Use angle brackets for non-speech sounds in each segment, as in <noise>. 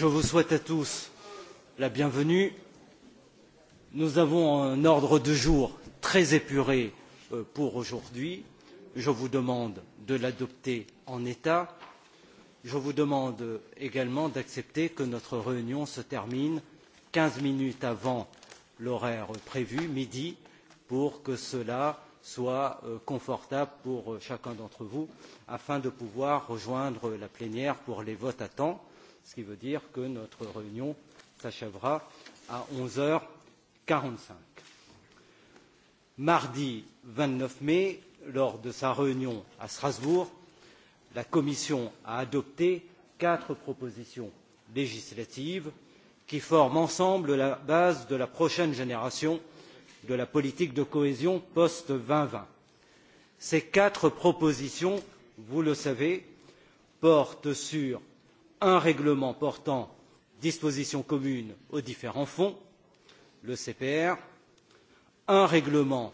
je vous souhaite à tous la bienvenue. Nous avons un ordre de jour très épuré euh, pour aujourd'hui. Je vous demande de l'adopter en état. Je vous demande également d'accepter que notre réunion se termine 15 minutes avant l'horaire prévu, midi, pour que cela soit euh, confortable pour euh, chacun d'entre vous, afin de pouvoir rejoindre la plénière pour les votes à temps ce qui veut dire que notre réunion s'achèvera à 11h45. Mardi 29 mai, lors de sa réunion à Strasbourg, la Commission a adopté quatre propositions législatives qui forment ensemble la base de la prochaine génération de la politique de cohésion post 2020 ces quatre propositions vous le savez portent sur un règlement portant dispositions communes aux différents fonds le cpr un règlement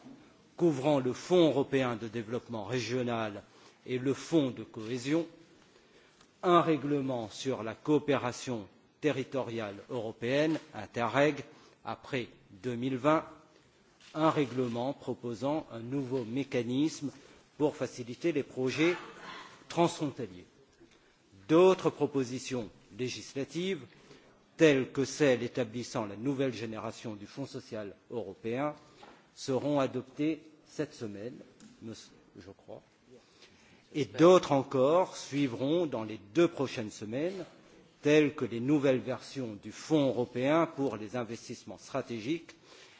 couvrant le fonds européen de développement régional et le fonds de cohésion un règlement sur la coopération territoriale européenne interreg après deux mille vingt un règlement proposant un nouveau mécanisme pour faciliter les projets transfrontaliers d'autres propositions législatives telles que celle établissant la nouvelle génération du fonds social européen seront adoptées cette semaine je crois et d'autres encore suivront dans les deux prochaines semaines telles que les nouvelles versions du fonds européen pour les investissements stratégiques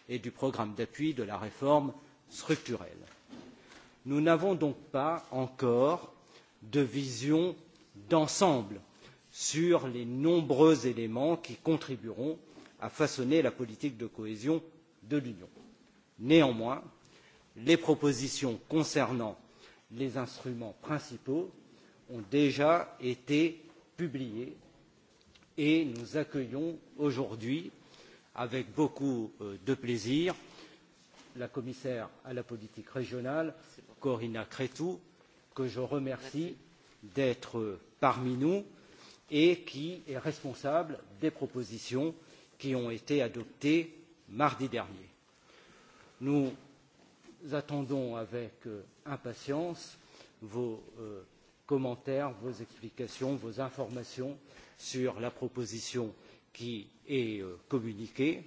et du programme d'appui de la réforme structurelle. nous n'avons donc pas encore de vision d'ensemble sur les nombreux éléments qui contribueront à façonner la politique de cohésion de l'union. néanmoins les propositions concernant les instruments principaux ont déjà été publiées et nous accueillons aujourd'hui avec beaucoup euh, de plaisir la commissaire à la politique régionale corina Cretu, que je remercie d'être parmi nous et qui est responsable des propositions qui ont été adoptées mardi dernier. Nous attendons avec euh, impatience vos euh, commentaires, vos explications, vos informations sur la proposition qui est euh, communiquée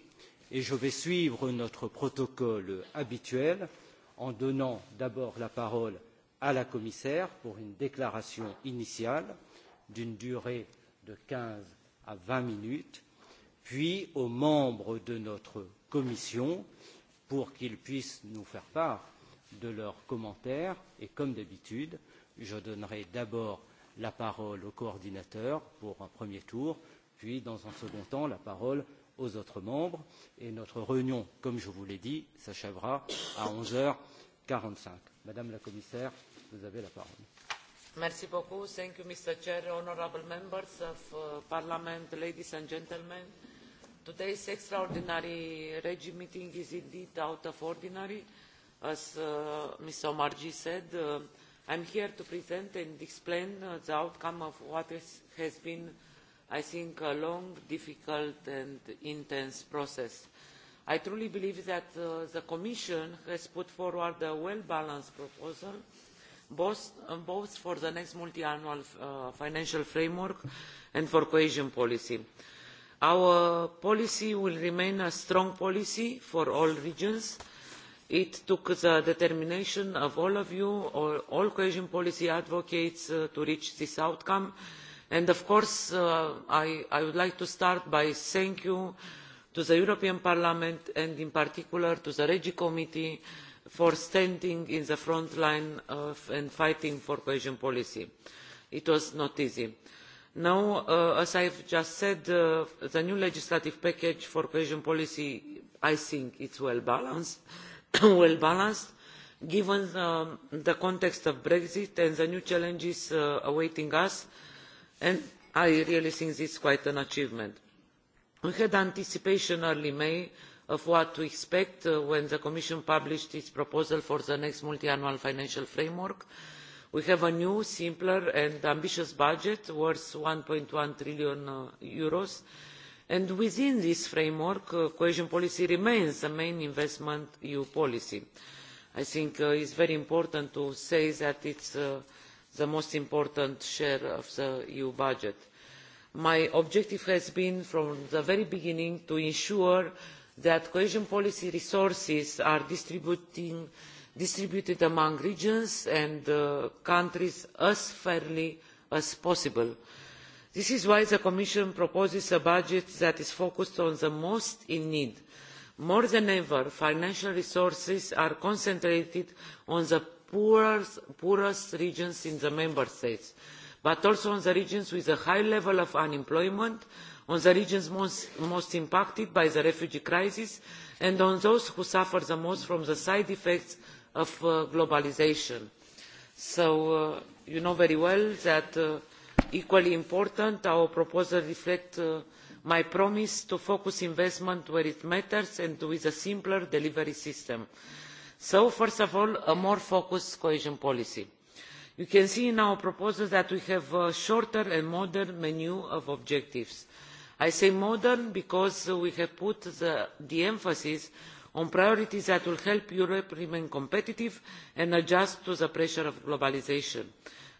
et je vais suivre notre protocole habituel en donnant d'abord la parole à la commissaire pour une déclaration initiale d'une durée de quinze à vingt minutes puis aux membres de notre commission pour qu'ils puissent nous faire part de leurs commentaires et comme d'habitude je donnerai d'abord la parole au coordinateur pour un premier tour puis dans un second temps la parole aux autres membres et notre réunion comme je vous l'ai dit s'achèvera à onze heures quarante cinq madame la commissaire Vous avez la parole. Merci beaucoup. Thank you, Mr. Chair, honorable members of uh, Parliament, ladies and gentlemen. Today's extraordinary regime meeting is indeed out of ordinary. As uh, Ms. Omarji said, uh, I'm here to present and explain uh, the outcome of what is, has been, I think, a long, difficult and intense process. I truly believe that uh, the Commission has put forward a well-balanced proposal uh, both, for the next multiannual uh, financial framework and for cohesion policy. Our policy will remain a strong policy for all regions. It took the determination of all of you, all, all cohesion policy advocates, uh, to reach this outcome. And of course, uh, I, would like to start by thank you to the European Parliament and in particular to the Regi Committee for standing in the front line and fighting for cohesion policy. It was not easy. Now, uh, as I've just said, uh, the new legislative package for cohesion policy, I think it's well balanced, <coughs> well balanced, given the, the, context of Brexit and the new challenges uh, awaiting us, and I really think this is quite an achievement. We had anticipation early May of what to expect uh, when the commission published its proposal for the next multiannual financial framework we have a new simpler and ambitious budget worth eur. one one trillion uh, Euros. and within this framework uh, cohesion policy remains the main investment eu policy. i think it is very important to say that it is the most important share of the eu budget. my objective has been from the very beginning to ensure that cohesion policy resources are distributed among regions and uh, countries as fairly as possible. this is why the commission proposes a budget that is focused on the most in need. more than ever financial resources are concentrated on the poorest, poorest regions in the member states but also on the regions with a high level of unemployment on the regions most, impacted by the refugee crisis and on those who suffer the most from the side effects of uh, globalisation. so uh, you know very well that uh, equally important our proposals reflect my promise to focus investment where it matters and with a simpler delivery system. so first of all a more focused cohesion policy. you can see in our proposals that we have a shorter and modern menu of objectives i say modern because we have put the, emphasis on priorities that will help europe remain competitive and adjust to the pressure of globalisation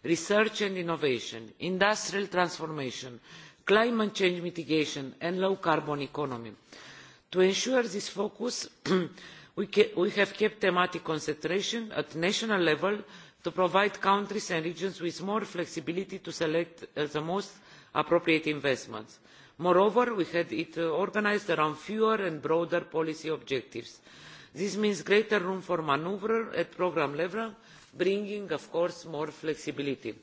research and innovation industrial transformation climate change mitigation and a low carbon economy. to ensure this focus <clears throat> we have kept thematic concentration at national level to provide countries and regions with more flexibility to select uh, the most appropriate investments moreover we had it uh, organised around fewer and broader policy objectives. this means greater room for manoeuvre at programme level bringing of course more flexibility.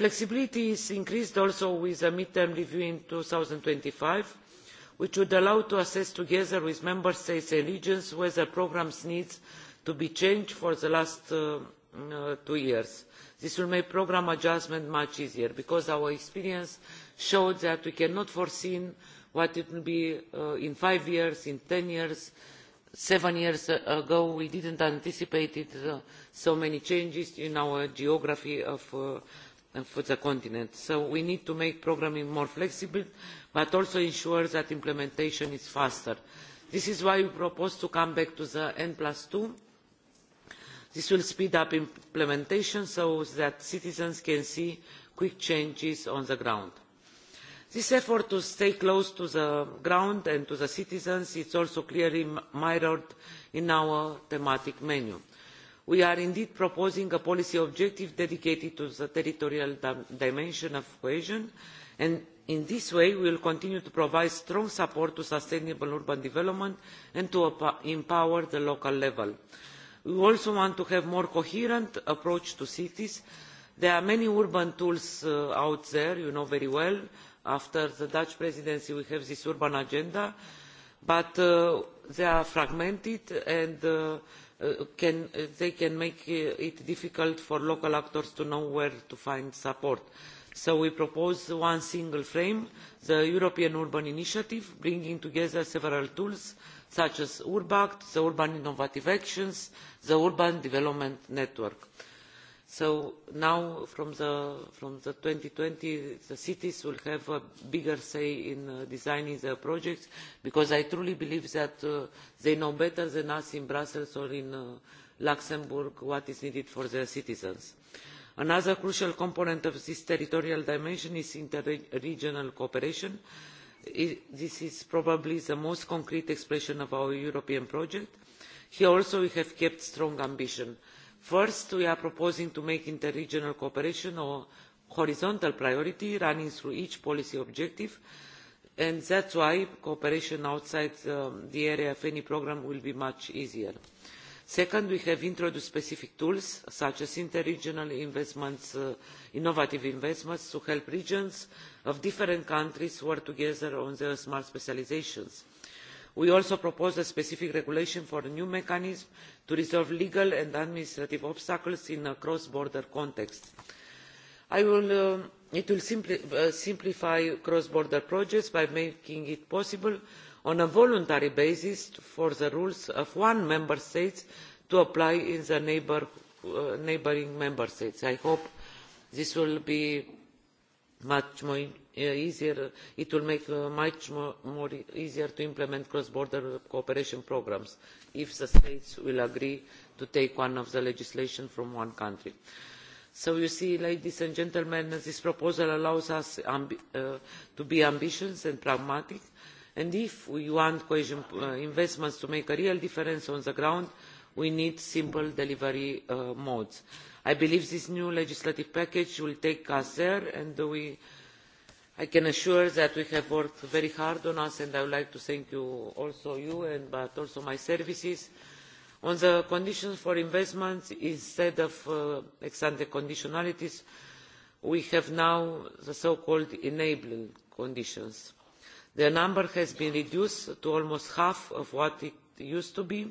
flexibility is increased also with a mid term review in two thousand and twenty five which would allow us to assess together with member states and regions whether programmes need to be changed for the last uh, mm, uh, two years. this will make programme adjustment much easier because our experience showed that we cannot foresee what it will be uh, in five years, in ten years. Seven years uh, ago, we didn't anticipate uh, so many changes in our geography of, uh, of the continent. So we need to make programming more flexible, but also ensure that implementation is faster. This is why we propose to come back to the N plus 2 this will speed up implementation so that citizens can see quick changes on the ground this effort to stay close to the ground and to the citizens is also clearly mirrored in our thematic menu. we are indeed proposing a policy objective dedicated to the territorial dimension of cohesion and in this way we will continue to provide strong support to sustainable urban development and to empower the local level. we also want to have a more coherent approach to cities. there are many urban tools uh, out there you know very well after the dutch presidency we have this urban agenda but uh, they are fragmented and uh, uh, they can make it difficult for local actors to know where to find support. so we propose one single frame the european urban initiative bringing together several tools such as urbact the urban innovative actions the urban development network so now from the from the 2020 the cities will have a bigger say in uh, designing their projects because i truly believe that uh, they know better than us in brussels or in uh, luxembourg what is needed for their citizens another crucial component of this territorial dimension is interregional cooperation it, this is probably the most concrete expression of our european project here also we have kept strong ambition first we are proposing to make interregional cooperation a horizontal priority running through each policy objective and that is why cooperation outside um, the area of any programme will be much easier. second we have introduced specific tools such as interregional investments uh, innovative investments to help regions of different countries work together on their smart specialisations we also proposed a specific regulation for a new mechanism to resolve legal and administrative obstacles in a cross border context. Um, it will uh, simplify cross border projects by making it possible on a voluntary basis for the rules of one member state to apply in the neighbouring uh, member states. i hope this will be much more uh, easier it will make uh, much more, e-, easier to implement cross border cooperation programmes if the states will agree to take one of the legislation from one country. so you see ladies and gentlemen this proposal allows us uh, to be ambitious and pragmatic and if we want cohesion uh, investments to make a real difference on the ground we need simple delivery uh, modes. i believe this new legislative package will take us there and i can assure that we have worked very hard on this. and i would like to thank you also you but also my services on the conditions for investments instead of uh, ex ante conditionalities we have now the so called enabling conditions. their number has been reduced to almost half of what it used to be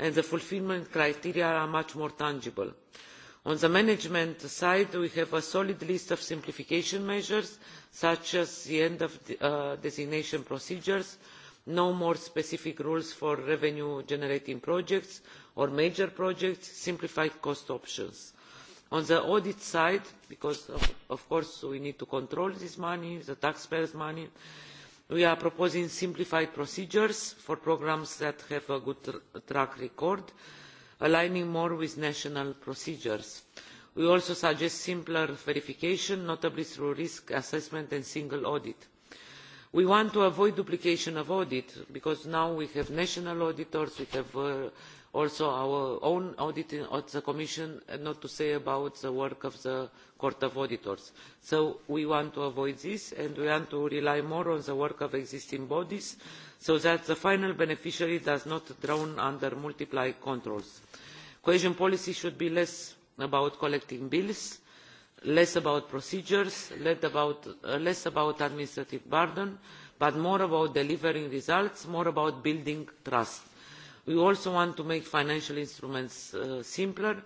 and the fulfilment criteria are much more tangible. on the management side we have a solid list of simplification measures such as the end of uh, designation procedures no more specific rules for revenue generating projects or major projects simplified cost options. on the audit side because of, of course we need to control this money the taxpayers' money we are proposing simplified procedures for programmes that have a good track record aligning more with national procedures. we also suggest simpler verification notably through risk assessment and single audit. we want to avoid duplication of audit because now we have national auditors we have uh, also our own audit uh, of the commission uh, not to say about the work of the court of auditors. so we want to avoid this and we want to rely more on the work of existing bodies so that the final beneficiary does not drown under multiple controls. cohesion policy should be less about collecting bills less about procedures less about, uh, less about administrative burden but more about delivering results more about building trust we also want to make financial instruments uh, simpler.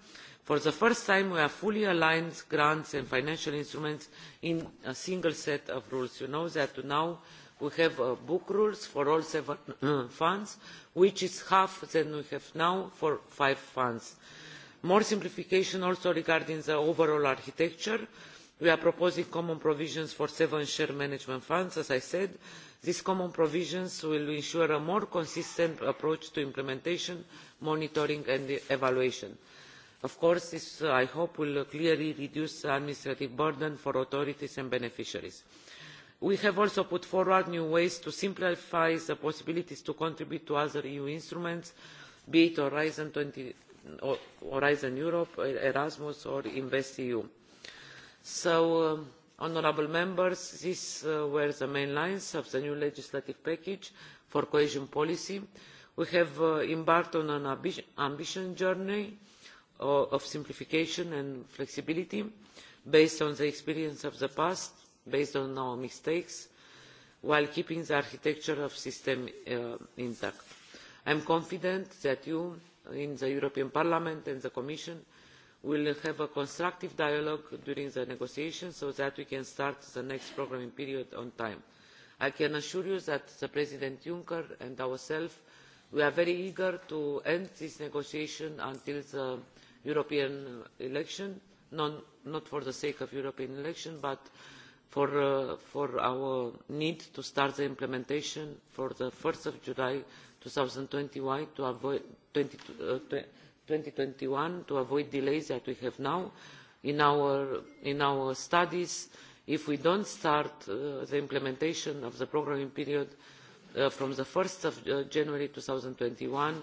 for the first time we have fully aligned grants and financial instruments in a single set of rules. you know that now we have uh, book rules for all seven uh, funds which is half than we have now for five funds. more simplification also regarding the overall architecture we are proposing common provisions for seven share management funds as i said these common provisions will ensure a more consistent approach to implementation monitoring and evaluation. of course this uh, i hope will clearly reduce the administrative burden for authorities and beneficiaries. we have also put forward new ways to simplify the possibilities to contribute to other eu instruments be it horizon, europe erasmus or investeu. Um, honourable members these uh, were the main lines of the new legislative package for cohesion policy. we have uh, embarked on an ambitious journey uh, of simplification and flexibility based on the experience of the past based on our mistakes while keeping the architecture of the system intact. i am confident that you in the european parliament and the commission we will have a constructive dialogue during the negotiations so that we can start the next programming period on time. i can assure you that president juncker and ourselves we are very eager to end this negotiation until the european election not for the sake of european election but for, uh, for our need to start the implementation for one july two thousand and twenty to avoid 20, uh, twenty one to avoid delays that we have now in our, in our studies if we do not start uh, the implementation of the programming period uh, from one 1 uh, january two thousand and twenty one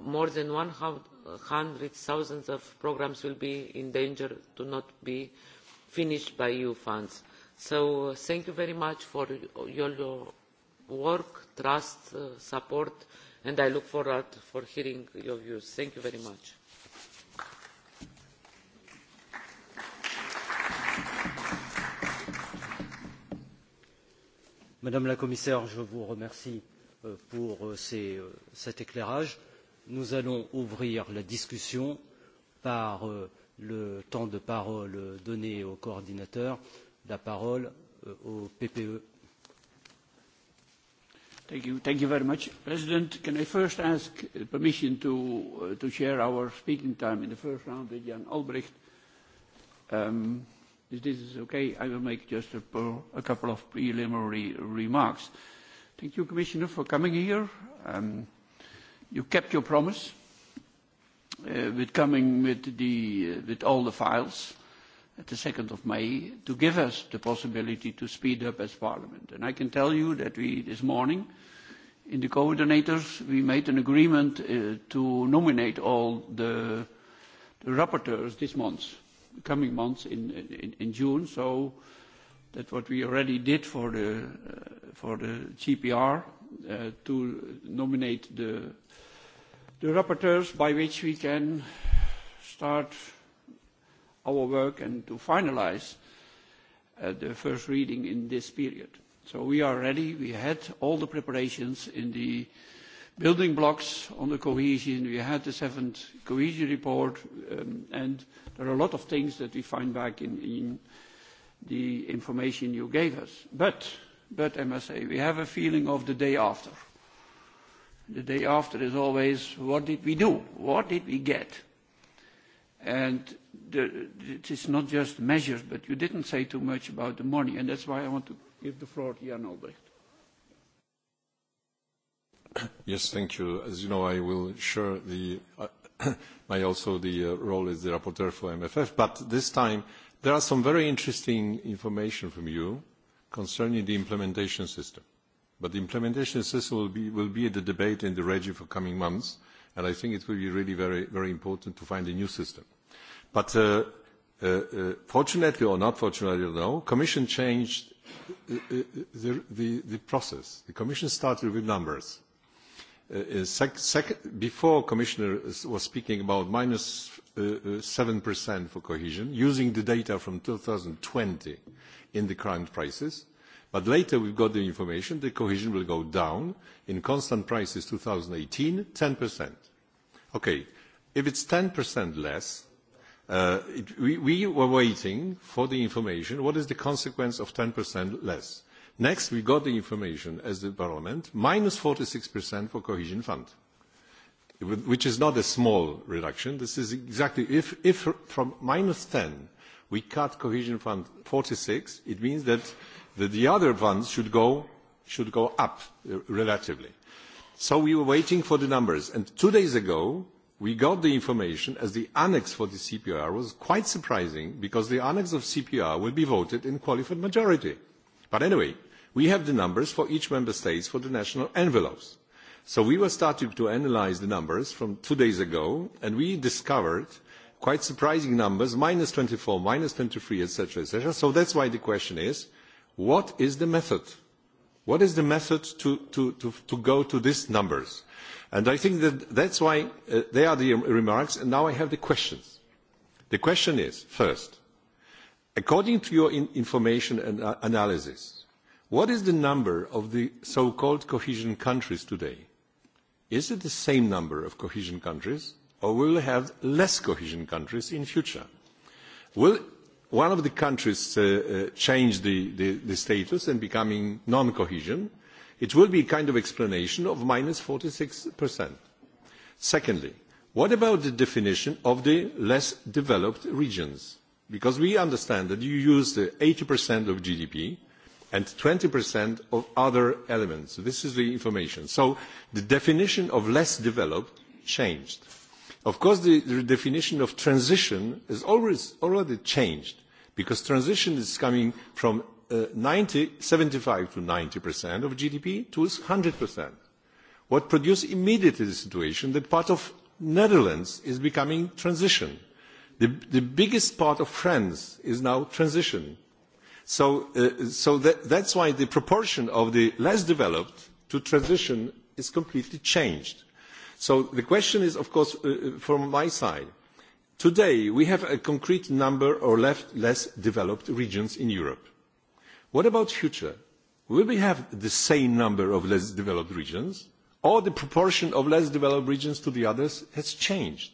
more than one hundred of programmes will be in danger of not being finished by eu funds. so thank you very much for all your work trust and support and I look forward to hearing your views. Thank you very much. Madame la Commissaire, je vous remercie euh, pour euh, ces, euh, cet éclairage. Nous allons ouvrir la discussion par le temps de parole donné au coordinateur. La parole au PPE Thank you. Thank you very much. President, can I first ask permission to, uh, to share our speaking time in the first round with Jan Albrecht? Um, if this is okay, I will make just a, a couple of preliminary remarks. Thank you, Commissioner, for coming here. Um, you kept your promise uh, with coming with, the, uh, with all the files. Uh, at the 2nd of May to give us the possibility to speed up as Parliament. And I can tell you that we, this morning, in the coordinators, we made an agreement uh, to nominate all the, the rapporteurs this month, coming months in, in, in June. So that what we already did for the, uh, for the GPR uh, to nominate the, the rapporteurs by which we can start our work and to finalize uh, the first reading in this period. So we are ready. We had all the preparations in the building blocks on the cohesion. We had the seventh cohesion report, um, and there are a lot of things that we find back in, in the information you gave us. But, but I must say, we have a feeling of the day after. The day after is always, what did we do? What did we get? And it is not just measures, but you didn't say too much about the money, and that's why I want to give the floor to Jan Albrecht. Yes, thank you. As you know, I will share the, uh, my <coughs> also the uh, role as the rapporteur for MFF, but this time there are some very interesting information from you concerning the implementation system. But the implementation system will be, will be the debate in the REGI for coming months, and I think it will be really very, very important to find a new system. But uh, uh, uh, fortunately or not fortunately, I don't know, Commission changed the, the, the process. The Commission started with numbers. Uh, sec, sec, before Commissioner was speaking about minus uh, for cohesion, using the data from 2020 in the current prices. But later we've got the information that cohesion will go down in constant prices 2018, 10%. Okay, if it's 10% less, Uh, we, we were waiting for the information, what is the consequence of 10% less? Next, we got the information as the parliament, minus 46% for cohesion fund, which is not a small reduction. This is exactly if, if from minus 10, we cut cohesion fund 46, it means that the, the other funds should go, should go up uh, relatively. So we were waiting for the numbers, and two days ago, we got the information as the annex for the CPR was quite surprising because the annex of CPR will be voted in qualified majority. But anyway, we have the numbers for each member state for the national envelopes. So we were starting to analyse the numbers from two days ago, and we discovered quite surprising numbers, minus 24, minus 23, etc., etc. So that's why the question is, what is the method? What is the method to, to, to, to go to these numbers? And I think that that's why uh, they are the remarks, and now I have the questions. The question is, first, according to your in information and uh, analysis, what is the number of the so-called cohesion countries today? Is it the same number of cohesion countries, or will we have less cohesion countries in future? Will one of the countries uh, uh, change the, the, the status and becoming non-cohesion, It will be a kind of explanation of minus 46%. Secondly, what about the definition of the less developed regions? Because we understand that you use the 80% of GDP and 20% of other elements. This is the information. So the definition of less developed changed. Of course, the, the definition of transition has always already changed because transition is coming from uh, 90, 75 to 90% of GDP to 100%. What produced immediately the situation that part of Netherlands is becoming transition. The, the biggest part of France is now transition. So, uh, so that, that's why the proportion of the less developed to transition is completely changed. So the question is, of course, uh, uh from my side, today we have a concrete number of less developed regions in Europe What about future? Will we have the same number of less developed regions? Or the proportion of less developed regions to the others has changed?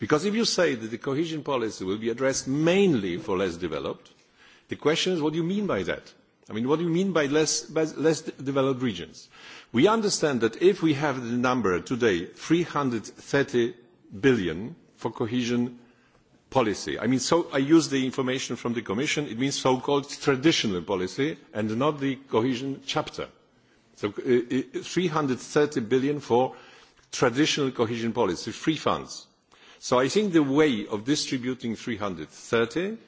Because if you say that the cohesion policy will be addressed mainly for less developed, the question is what do you mean by that? I mean, what do you mean by less, by less developed regions? We understand that if we have the number today, 330 billion for cohesion policy. I mean, so I use the information from the Commission. It means so-called traditional policy and not the cohesion chapter. So uh, 330 uh, billion for traditional cohesion policy, free funds. So I think the way of distributing 330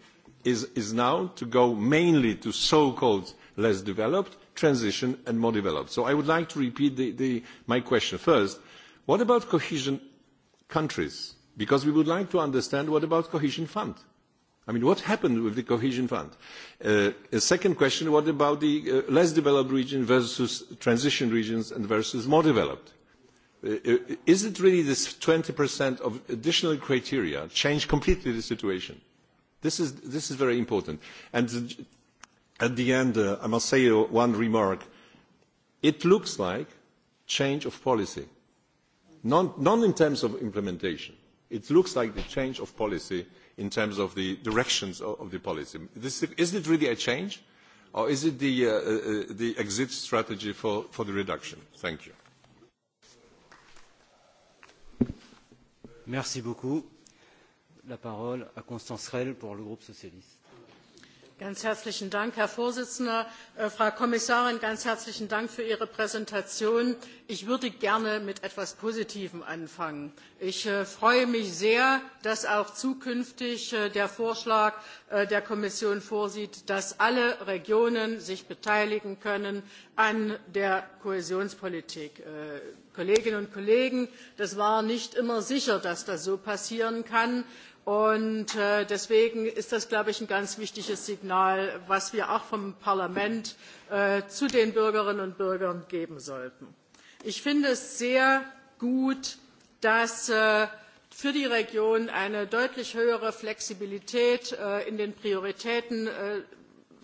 is, is now to go mainly to so-called less developed, transition and more developed. So I would like to repeat the, the, my question. First, what about cohesion countries? because we would like to understand what about cohesion fund? I mean, what happened with the cohesion fund? Uh, a second question, what about the uh, less developed region versus transition regions and versus more developed? Uh, uh is it really this 20% of additional criteria change completely the situation? This is, this is very important. And at the end, uh, I must say uh, one remark. It looks like change of policy, non, non in terms of implementation it looks like the change of policy in terms of the directions of, the policy. This, is it really a change, or is it the, uh, uh, uh, the exit strategy for, for the reduction? Thank you. Merci beaucoup. La parole à Constance Rell pour le groupe socialiste. Ganz herzlichen Dank, Herr Vorsitzender. Äh, Frau Kommissarin, ganz herzlichen Dank für Ihre Präsentation. Ich würde gerne mit etwas Positivem anfangen. Ich äh, freue mich sehr, dass auch zukünftig äh, der Vorschlag der Kommission vorsieht, dass alle Regionen sich beteiligen können an der Kohäsionspolitik. Kolleginnen und Kollegen, das war nicht immer sicher, dass das so passieren kann. Und äh, deswegen ist das, glaube ich, ein ganz wichtiges Signal, was wir auch vom Parlament äh, zu den Bürgerinnen und Bürgern geben sollten. Ich finde es sehr gut, dass äh, für die Region eine deutlich höhere Flexibilität äh, in den Prioritäten äh,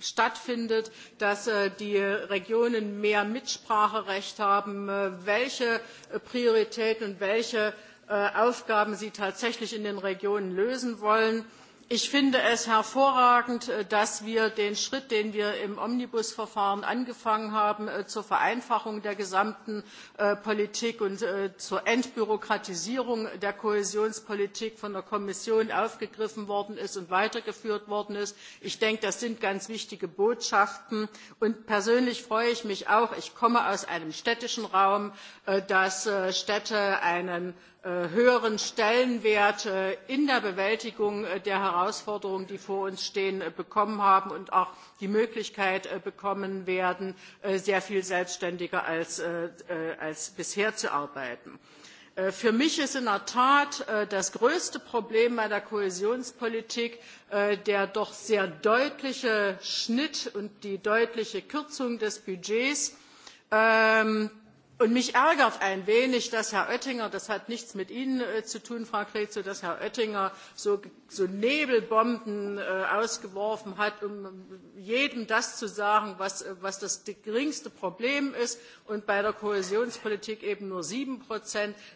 stattfindet, dass äh, die Regionen mehr Mitspracherecht haben, äh, welche äh, Prioritäten und welche Äh, Aufgaben sie tatsächlich in den Regionen lösen wollen. Ich finde es hervorragend, äh, dass wir den Schritt, den wir im Omnibusverfahren angefangen haben, äh, zur Vereinfachung der gesamten Politik und zur Entbürokratisierung der Kohäsionspolitik von der Kommission aufgegriffen worden ist und weitergeführt worden ist. Ich denke, das sind ganz wichtige Botschaften. Und persönlich freue ich mich auch, ich komme aus einem städtischen Raum, dass Städte einen Äh, höheren Stellenwert äh, in der Bewältigung äh, der Herausforderungen, die vor uns stehen, bekommen haben und auch die Möglichkeit bekommen werden, sehr viel selbstständiger als, als bisher zu arbeiten. Für mich ist in der Tat das größte Problem bei der Kohäsionspolitik der doch sehr deutliche Schnitt und die deutliche Kürzung des Budgets ähm, Und mich ärgert ein wenig, dass Herr Oettinger, das hat nichts mit Ihnen äh, zu tun, Frau creu so, Nebelbomben äh, ausgeworfen hat, um jedem das zu sagen, was, äh, das geringste Problem ist und bei der Kohäsionspolitik eben nur sieben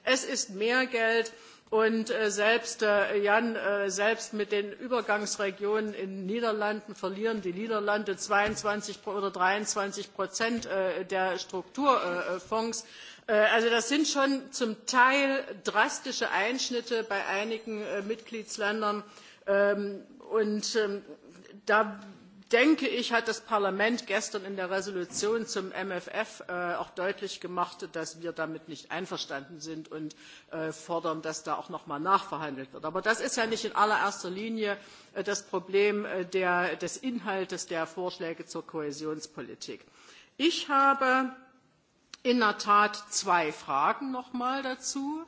Es ist mehr Geld. Und äh, selbst, äh, Jan, äh, selbst mit den Übergangsregionen in den Niederlanden verlieren die Niederlande zweiundzwanzig oder dreiundzwanzig der Strukturfonds. Also das sind schon zum Teil drastische Einschnitte bei einigen Mitgliedsländern. Ähm, und ähm, da denke ich, hat das Parlament gestern in der entschließung zum mfr äh, auch deutlich gemacht, dass wir damit nicht einverstanden sind und äh, fordern, dass da auch noch nochmal nachverhandelt wird. Aber das ist ja nicht in allererster Linie äh, das Problem des inhalts der Vorschläge zur Kohäsionspolitik. Ich habe in der Tat zwei Fragen nochmal dazu.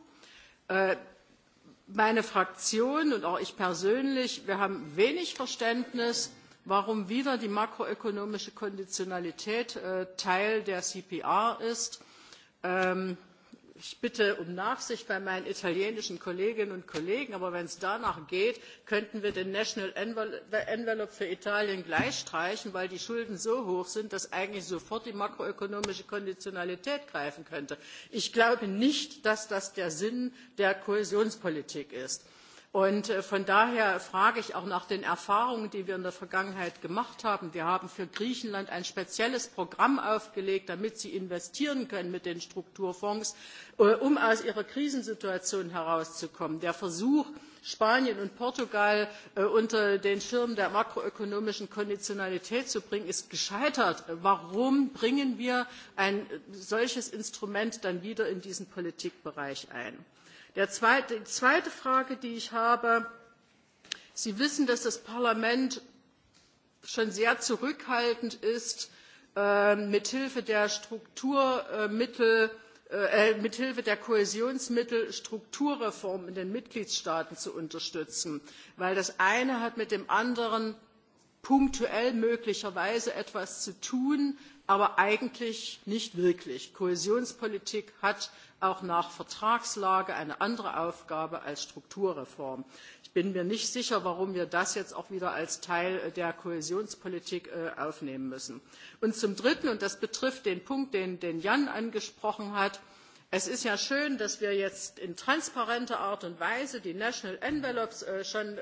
meine Fraktion und auch ich persönlich, wir haben wenig Verständnis warum wieder die makroökonomische Konditionalität äh, Teil der CPR ist. Ähm, ich bitte um Nachsicht bei meinen italienischen Kolleginnen und Kollegen, aber wenn es danach geht, könnten wir den National Envelope für Italien gleich streichen, weil die Schulden so hoch sind, dass eigentlich sofort die makroökonomische Konditionalität greifen könnte. Ich glaube nicht, dass das der Sinn der Kohäsionspolitik ist Und äh, von daher frage ich auch nach den Erfahrungen, die wir in der Vergangenheit gemacht haben. Wir haben für Griechenland ein spezielles Programm aufgelegt, damit sie investieren können mit den Strukturfonds, äh, um aus ihrer Krisensituation herauszukommen. Der Versuch, Spanien und Portugal äh, unter den Schirm der makroökonomischen Konditionalität zu bringen, ist gescheitert. Warum bringen wir ein solches Instrument dann wieder in diesen Politikbereich ein? Der zweite, die zweite Frage, die ich habe, Sie wissen, dass das Parlament schon sehr zurückhaltend ist, äh, mithilfe der Strukturmittel, äh, äh mithilfe der Kohäsionsmittel Strukturreformen in den Mitgliedstaaten zu unterstützen, weil das eine hat mit dem anderen punktuell möglicherweise etwas zu tun, aber eigentlich nicht wirklich. Kohäsionspolitik hat auch nach Vertragslage eine andere Aufgabe als Strukturreform. Ich bin mir nicht sicher, warum wir das jetzt auch wieder als Teil äh, der Kohäsionspolitik äh, aufnehmen müssen. Und zum Dritten, und das betrifft den Punkt, den, den Jan angesprochen hat, Es ist ja schön, dass wir jetzt in transparenter Art und Weise die National Envelopes äh, schon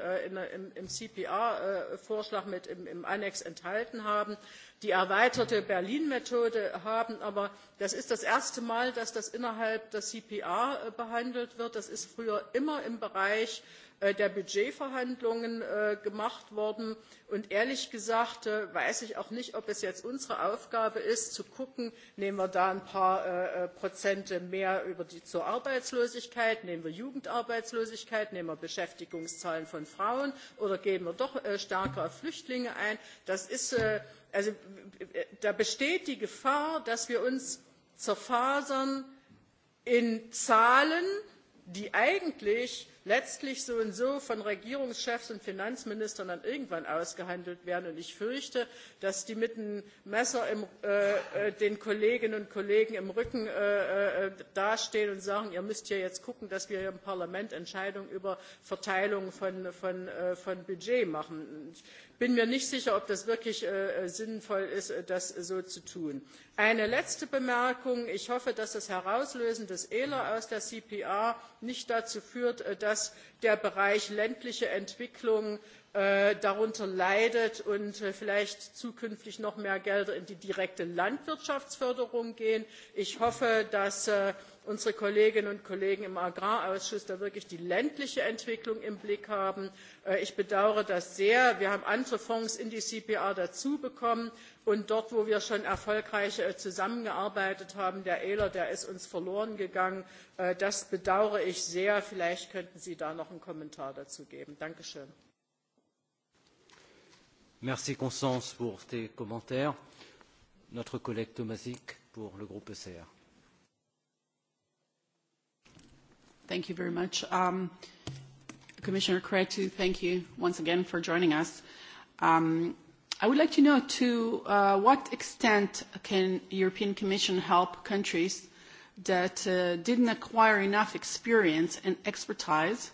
im, CPR-Vorschlag mit im Annex enthalten haben die erweiterte Berlin Methode haben, aber das ist das erste Mal, dass das innerhalb der CPA äh, behandelt wird. Das ist früher immer im Bereich Äh, der budgetverhandlungen äh, gemacht worden. Und ehrlich gesagt äh, weiß ich auch nicht, ob es jetzt unsere Aufgabe ist, zu gucken, nehmen wir da ein paar Prozente mehr über die, zur Arbeitslosigkeit, nehmen wir Jugendarbeitslosigkeit, nehmen wir Beschäftigungszahlen von Frauen oder geben wir doch stärker auf Flüchtlinge ein. Das ist, also, da besteht die Gefahr, dass wir uns zerfasern in Zahlen, die eigentlich letztlich so und so von regierungschefs und finanzministern dann irgendwann ausgehandelt werden. und ich fürchte dass die mit dem messer äh, äh, den kolleginnen und kollegen im rücken äh, dastehen und sagen ihr müsst hier jetzt gucken dass wir hier im parlament entscheidungen über verteilung von, von, äh, budget machen bin mir nicht sicher, ob es wirklich äh, sinnvoll ist, äh, das so zu tun. Eine letzte Bemerkung. Ich hoffe, dass das Herauslösen des ELA aus der CPR nicht dazu führt, äh, dass der Bereich ländliche Entwicklung Äh, darunter leidet und äh, vielleicht zukünftig noch mehr gelder in die direkte landwirtschaftsförderung gehen. ich hoffe dass äh, unsere kolleginnen und kollegen im agrarausschuss da wirklich die ländliche entwicklung im blick haben. ich bedaure das sehr. wir haben andere fonds in die cpr bekommen und dort wo wir schon erfolgreich zusammengearbeitet haben der eler der ist uns verloren gegangen das bedaure ich sehr. vielleicht könnten sie da noch einen kommentar dazu geben. danke schön. Merci Constance pour tes commentaires. Notre collègue Tomasic pour le groupe ECR. Thank you very much. Um, Commissioner Cretu, thank you once again for joining us. Um, I would like to know to uh, what extent can European Commission help countries that uh, didn't acquire enough experience and expertise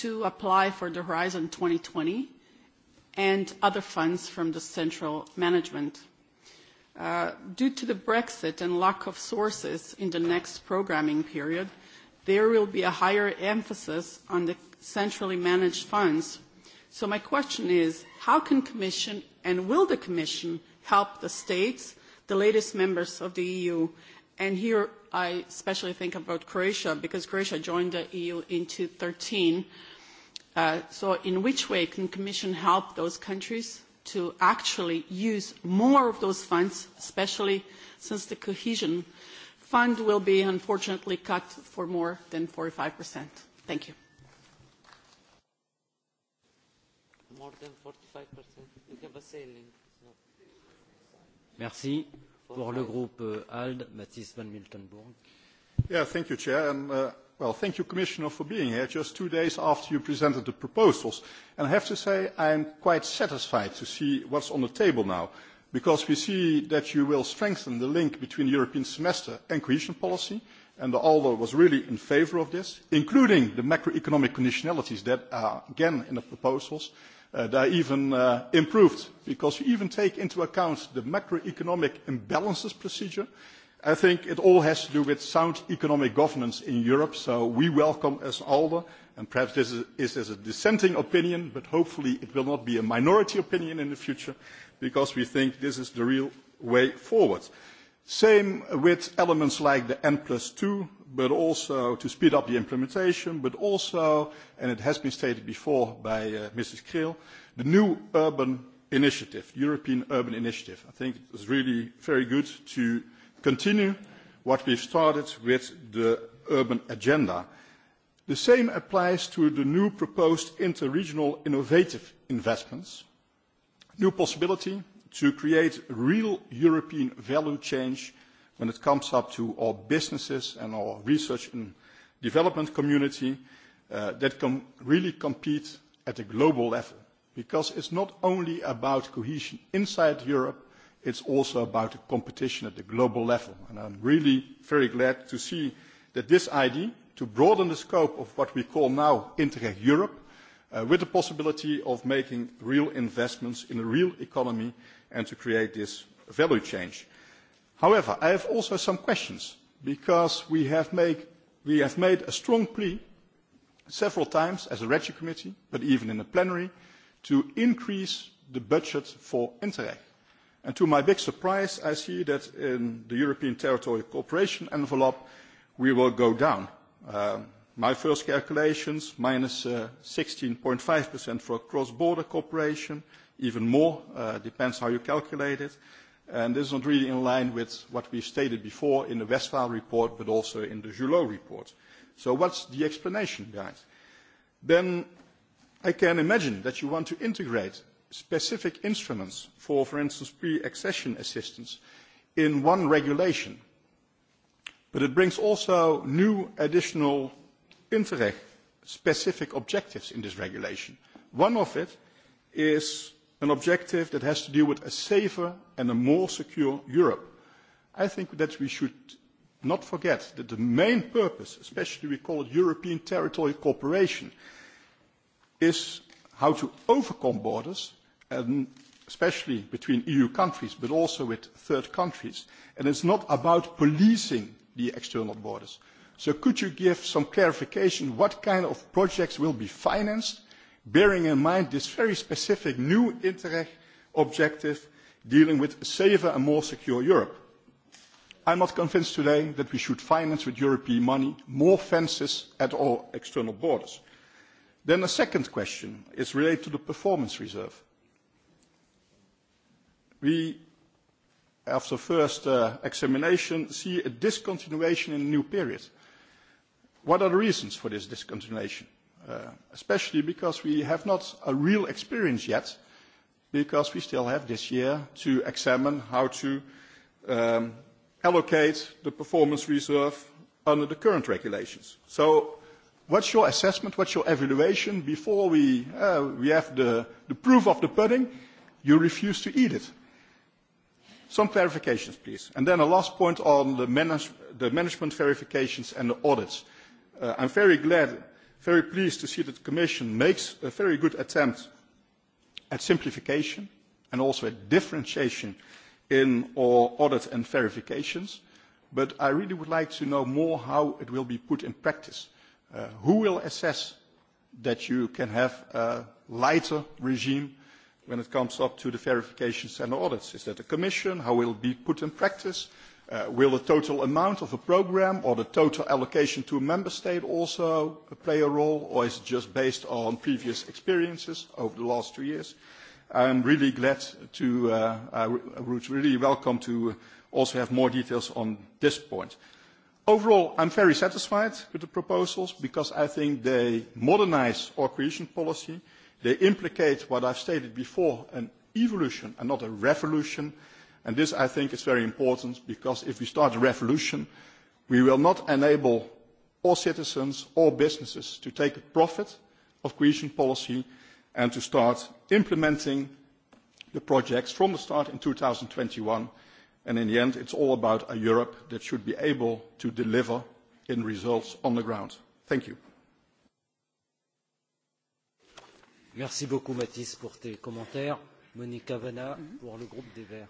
to apply for the Horizon 2020 and other funds from the central management. Uh, due to the Brexit and lack of sources in the next programming period, there will be a higher emphasis on the centrally managed funds. So my question is, how can Commission and will the Commission help the states, the latest members of the EU, and here I especially think about Croatia because Croatia joined the EU in 2013, Uh, so in which way can Commission help those countries to actually use more of those funds, especially since the cohesion fund will be unfortunately cut for more than 45%? Thank you. More than 45%. We have a ceiling. No. Merci. Pour le groupe euh, ALDE, Mathis van Miltenburg. Yeah, thank you, Chair. And, uh, Well, thank you, Commissioner, for being here just two days after you presented the proposals. And I have to say I'm quite satisfied to see what's on the table now, because we see that you will strengthen the link between the European semester and cohesion policy, and the ALDO was really in favor of this, including the macroeconomic conditionalities that are again in the proposals. Uh, they are even uh, improved because you even take into account the macroeconomic imbalances procedure I think it all has to do with sound economic governance in Europe, so we welcome as ALDE, and perhaps this is, is a dissenting opinion, but hopefully it will not be a minority opinion in the future, because we think this is the real way forward. Same with elements like the N plus 2, but also to speed up the implementation, but also, and it has been stated before by uh, Mrs. Kriel, the new urban initiative, European Urban Initiative. I think it was really very good to continue what we've started with the urban agenda. The same applies to the new proposed interregional innovative investments, new possibility to create real European value change when it comes up to our businesses and our research and development community uh, that can really compete at a global level. Because it's not only about cohesion inside Europe, It's also about the competition at the global level. And I'm really very glad to see that this idea to broaden the scope of what we call now Interreg Europe, uh, with the possibility of making real investments in a real economy and to create this value change. However, I have also some questions because we have, make, we have made a strong plea several times as a Regi Committee, but even in the plenary, to increase the budget for Interreg. And to my big surprise, I see that in the European Territorial Cooperation envelope, we will go down. Um, my first calculations, minus uh, 16.5% for cross-border cooperation, even more, uh, depends how you calculate it. And this is not really in line with what we've stated before in the Westphal report, but also in the Julot report. So what's the explanation, guys? Then I can imagine that you want to integrate specific instruments for, for instance, pre-accession assistance in one regulation. But it brings also new additional Interreg specific objectives in this regulation. One of it is an objective that has to do with a safer and a more secure Europe. I think that we should not forget that the main purpose, especially we call it European territorial cooperation, is how to overcome borders and um, especially between EU countries, but also with third countries. And it's not about policing the external borders. So could you give some clarification what kind of projects will be financed, bearing in mind this very specific new Interreg objective dealing with a safer and more secure Europe? I'm not convinced today that we should finance with European money more fences at all external borders. Then the second question is related to the performance reserve we, after first uh, examination, see a discontinuation in a new period. What are the reasons for this discontinuation? Uh, especially because we have not a real experience yet, because we still have this year to examine how to um, allocate the performance reserve under the current regulations. So what's your assessment, what's your evaluation before we, uh, have the proof of the pudding, you refuse to eat it? Some clarifications, please. And then a last point on the, management verifications and the audits. Uh, I'm very glad, very pleased to see that the Commission makes a very good attempt at simplification and also at differentiation in our audit and verifications. But I really would like to know more how it will be put in practice. Uh, who will assess that you can have a lighter regime when it comes to the verifications and audits? Is that the commission? How will it be put in practice? Uh, will the total amount of a program or the total allocation to a member state also play a role, or is it just based on previous experiences over the last two years? I'm really glad to, uh, I would really welcome to also have more details on this point. Overall, I'm very satisfied with the proposals because I think they modernize our cohesion policy. They implicate what I've stated before, an evolution and not a revolution. And this, I think, is very important because if we start a revolution, we will not enable all citizens, all businesses to take a profit of cohesion policy and to start implementing the projects from the start in 2021. And in the end, it's all about a Europe that should be able to deliver in results on the ground. Thank you. Merci beaucoup Mathis pour tes commentaires. monika Vanna mhm. pour le groupe des Verts.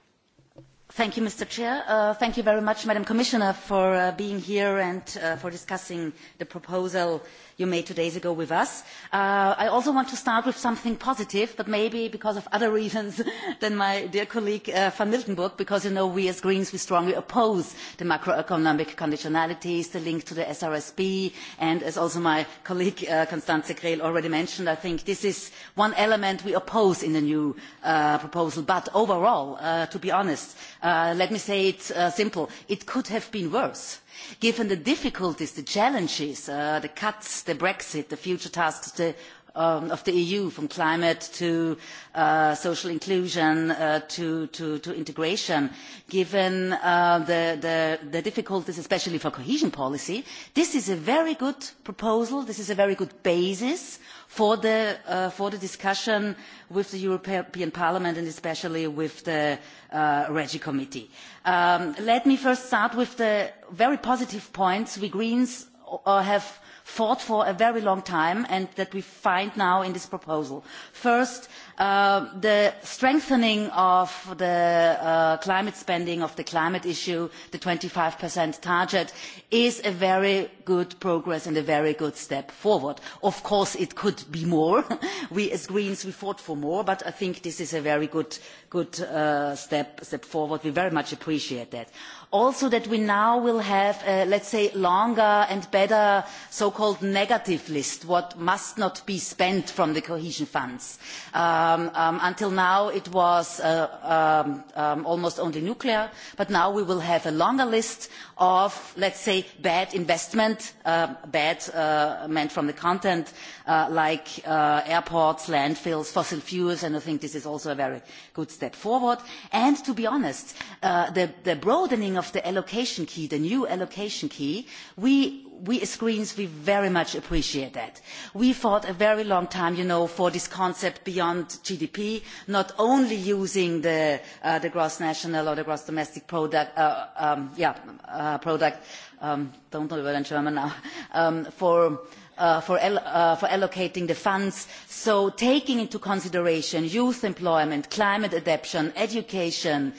Thank you, Mr. Chair. Uh, thank you very much, Madam Commissioner, for uh, being here and uh, for discussing the proposal you made two days ago with us. Uh, I also want to start with something positive, but maybe because of other <laughs> reasons than my dear colleague uh, van Miltenburg, because you know we as Greens, we strongly oppose the macroeconomic conditionalities, the link to the SRSB, and as also my colleague uh, Constanze Krell already mentioned, I think this is one element we oppose in the new uh, proposal. But overall, uh, to be honest, Uh, let me say it uh, simple. It could have been worse. Given the difficulties, the challenges, uh, the cuts, the Brexit, the future tasks, the um, of the EU, from climate to uh, social inclusion uh, to, to, to integration, given uh, the, the, the difficulties, especially for cohesion policy, this is a very good proposal. This is a very good basis for the, uh, for the discussion with the European Parliament and especially with the uh, Regi Committee. Um, let me first start with the very positive points we Greens uh, have fought for a very long time and that we find now in this proposal. First, Uh, the strengthening of the uh, climate spending of the climate issue, the 25% target, is a very good progress and a very good step forward. Of course, it could be more. <laughs> we as Greens, we fought for more, but I think this is a very good, good uh, step, step forward. We very much appreciate that also that we now will have a, let's say longer and better so called negative list what must not be spent from the cohesion funds uh, Um, um, until now it was uh, um, almost only nuclear, but now we will have a longer list of, let us say, bad investment, uh, bad uh, meant from the content, like airports, landfills, fossil fuels, and I think this is also a very good step forward. And to be honest, the broadening of the allocation key, the new allocation key, we we as Greens, we very much appreciate that. We fought a very long time, you know, for this concept beyond GDP, not only using the, uh, the gross national or the gross domestic product, uh, um, yeah, uh, product, um, don't know the word in German now, <laughs> um, for, uh, for, uh, for allocating the funds. So taking into consideration youth employment, climate adaptation, education,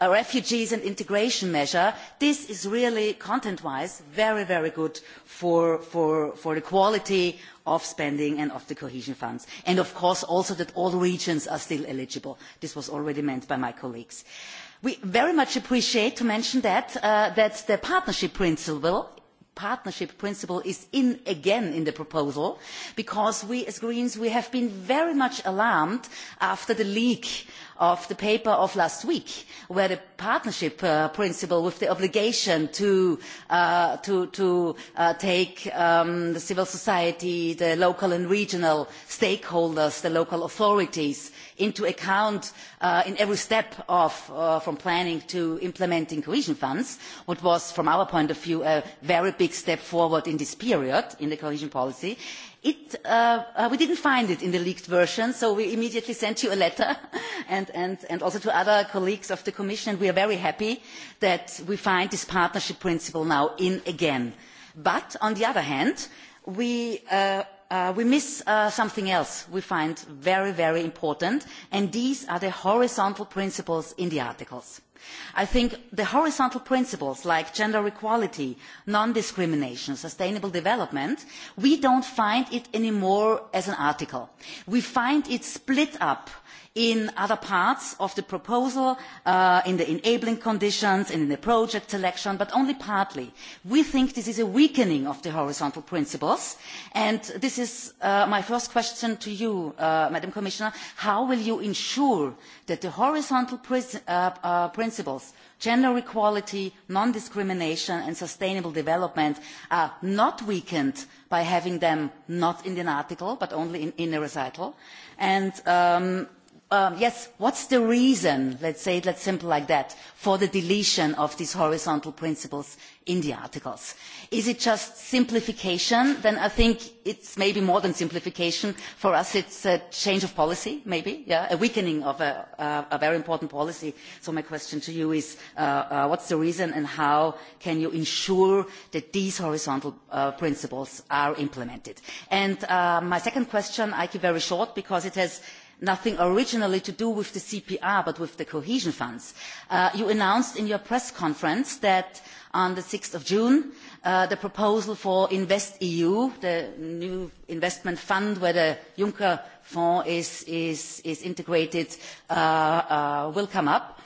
refugees and integration measure this is really content wise very very good for, for, for the quality of spending and of the cohesion funds and of course also that all regions are still eligible this was already meant by my colleagues. we very much appreciate to mention that, uh, that the partnership principle partnership principle is in again in the proposal because we as Greens we have been very much alarmed after the leak of the paper of last week where the partnership uh, principle with the obligation to, uh, to, to uh, take um, the civil society, the local and regional stakeholders, the local authorities into account uh, in every step of, uh, from planning to implementing cohesion funds, what was, from our point of view, a very big step forward in this period in the cohesion policy. It, uh, uh we didn't find it in the leaked version, so we immediately sent you a letter <laughs> and, and, and also to other colleagues of the Commission. We are very happy that we find this partnership principle now in again. But on the other hand, we Uh, we miss uh, something else we find very, very important, and these are the horizontal principles in the articles. I think the horizontal principles like gender equality, non-discrimination, sustainable development, we don't find it anymore as an article. We find it split up in other parts of the proposal, uh, in the enabling conditions, and in the project selection, but only partly. We think this is a weakening of the horizontal principles, and this is uh, my first question to you, uh, Madam Commissioner. How will you ensure that the horizontal uh, uh, principles gender equality, non-discrimination and sustainable development are not weakened by having them not in an article but only in, in a recital. And um, um, yes, what's the reason, let's say it let's simple like that, for the deletion of these horizontal principles in the articles? Is it just simplification? Then I think it's maybe more than simplification. For us, it's a change of policy, maybe, yeah, a weakening of a, uh, a very important policy. So my question to you is, uh, uh, what's the reason and how can you ensure that these horizontal uh, principles are implemented? And uh, my second question, I keep very short because it has nothing originally to do with the CPR but with the cohesion funds. Uh, you announced in your press conference that on the 6th of June uh, the proposal for InvestEU, the new investment fund where the Juncker fund is, is, is integrated, uh, uh will come up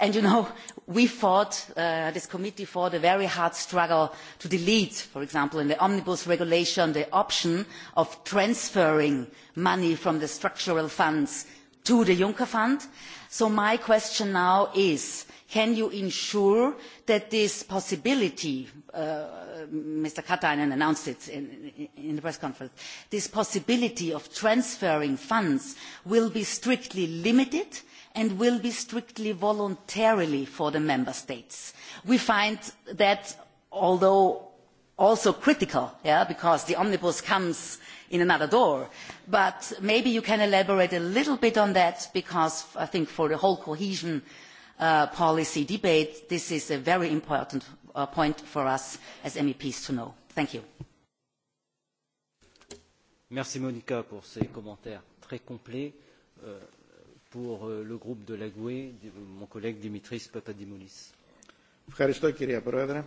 and you know we fought uh, this committee fought a very hard struggle to delete for example in the omnibus regulation the option of transferring money from the structural funds to the juncker fund so my question now is can you ensure that this possibility uh, mr katainen announced it in, in the press conference this possibility of transferring funds will be strictly limited and will be strictly voluntarily for the member states. We find that although also critical, yeah, because the omnibus comes in another door. But maybe you can elaborate a little bit on that, because I think for the whole cohesion uh, policy debate, this is a very important uh, point for us as MEPs to know. Thank you. Merci Monica pour ces commentaires très complets. Euh, pour le groupe de la GUE, mon collègue Dimitris Papadimoulis. Ευχαριστώ κυρία Πρόεδρε.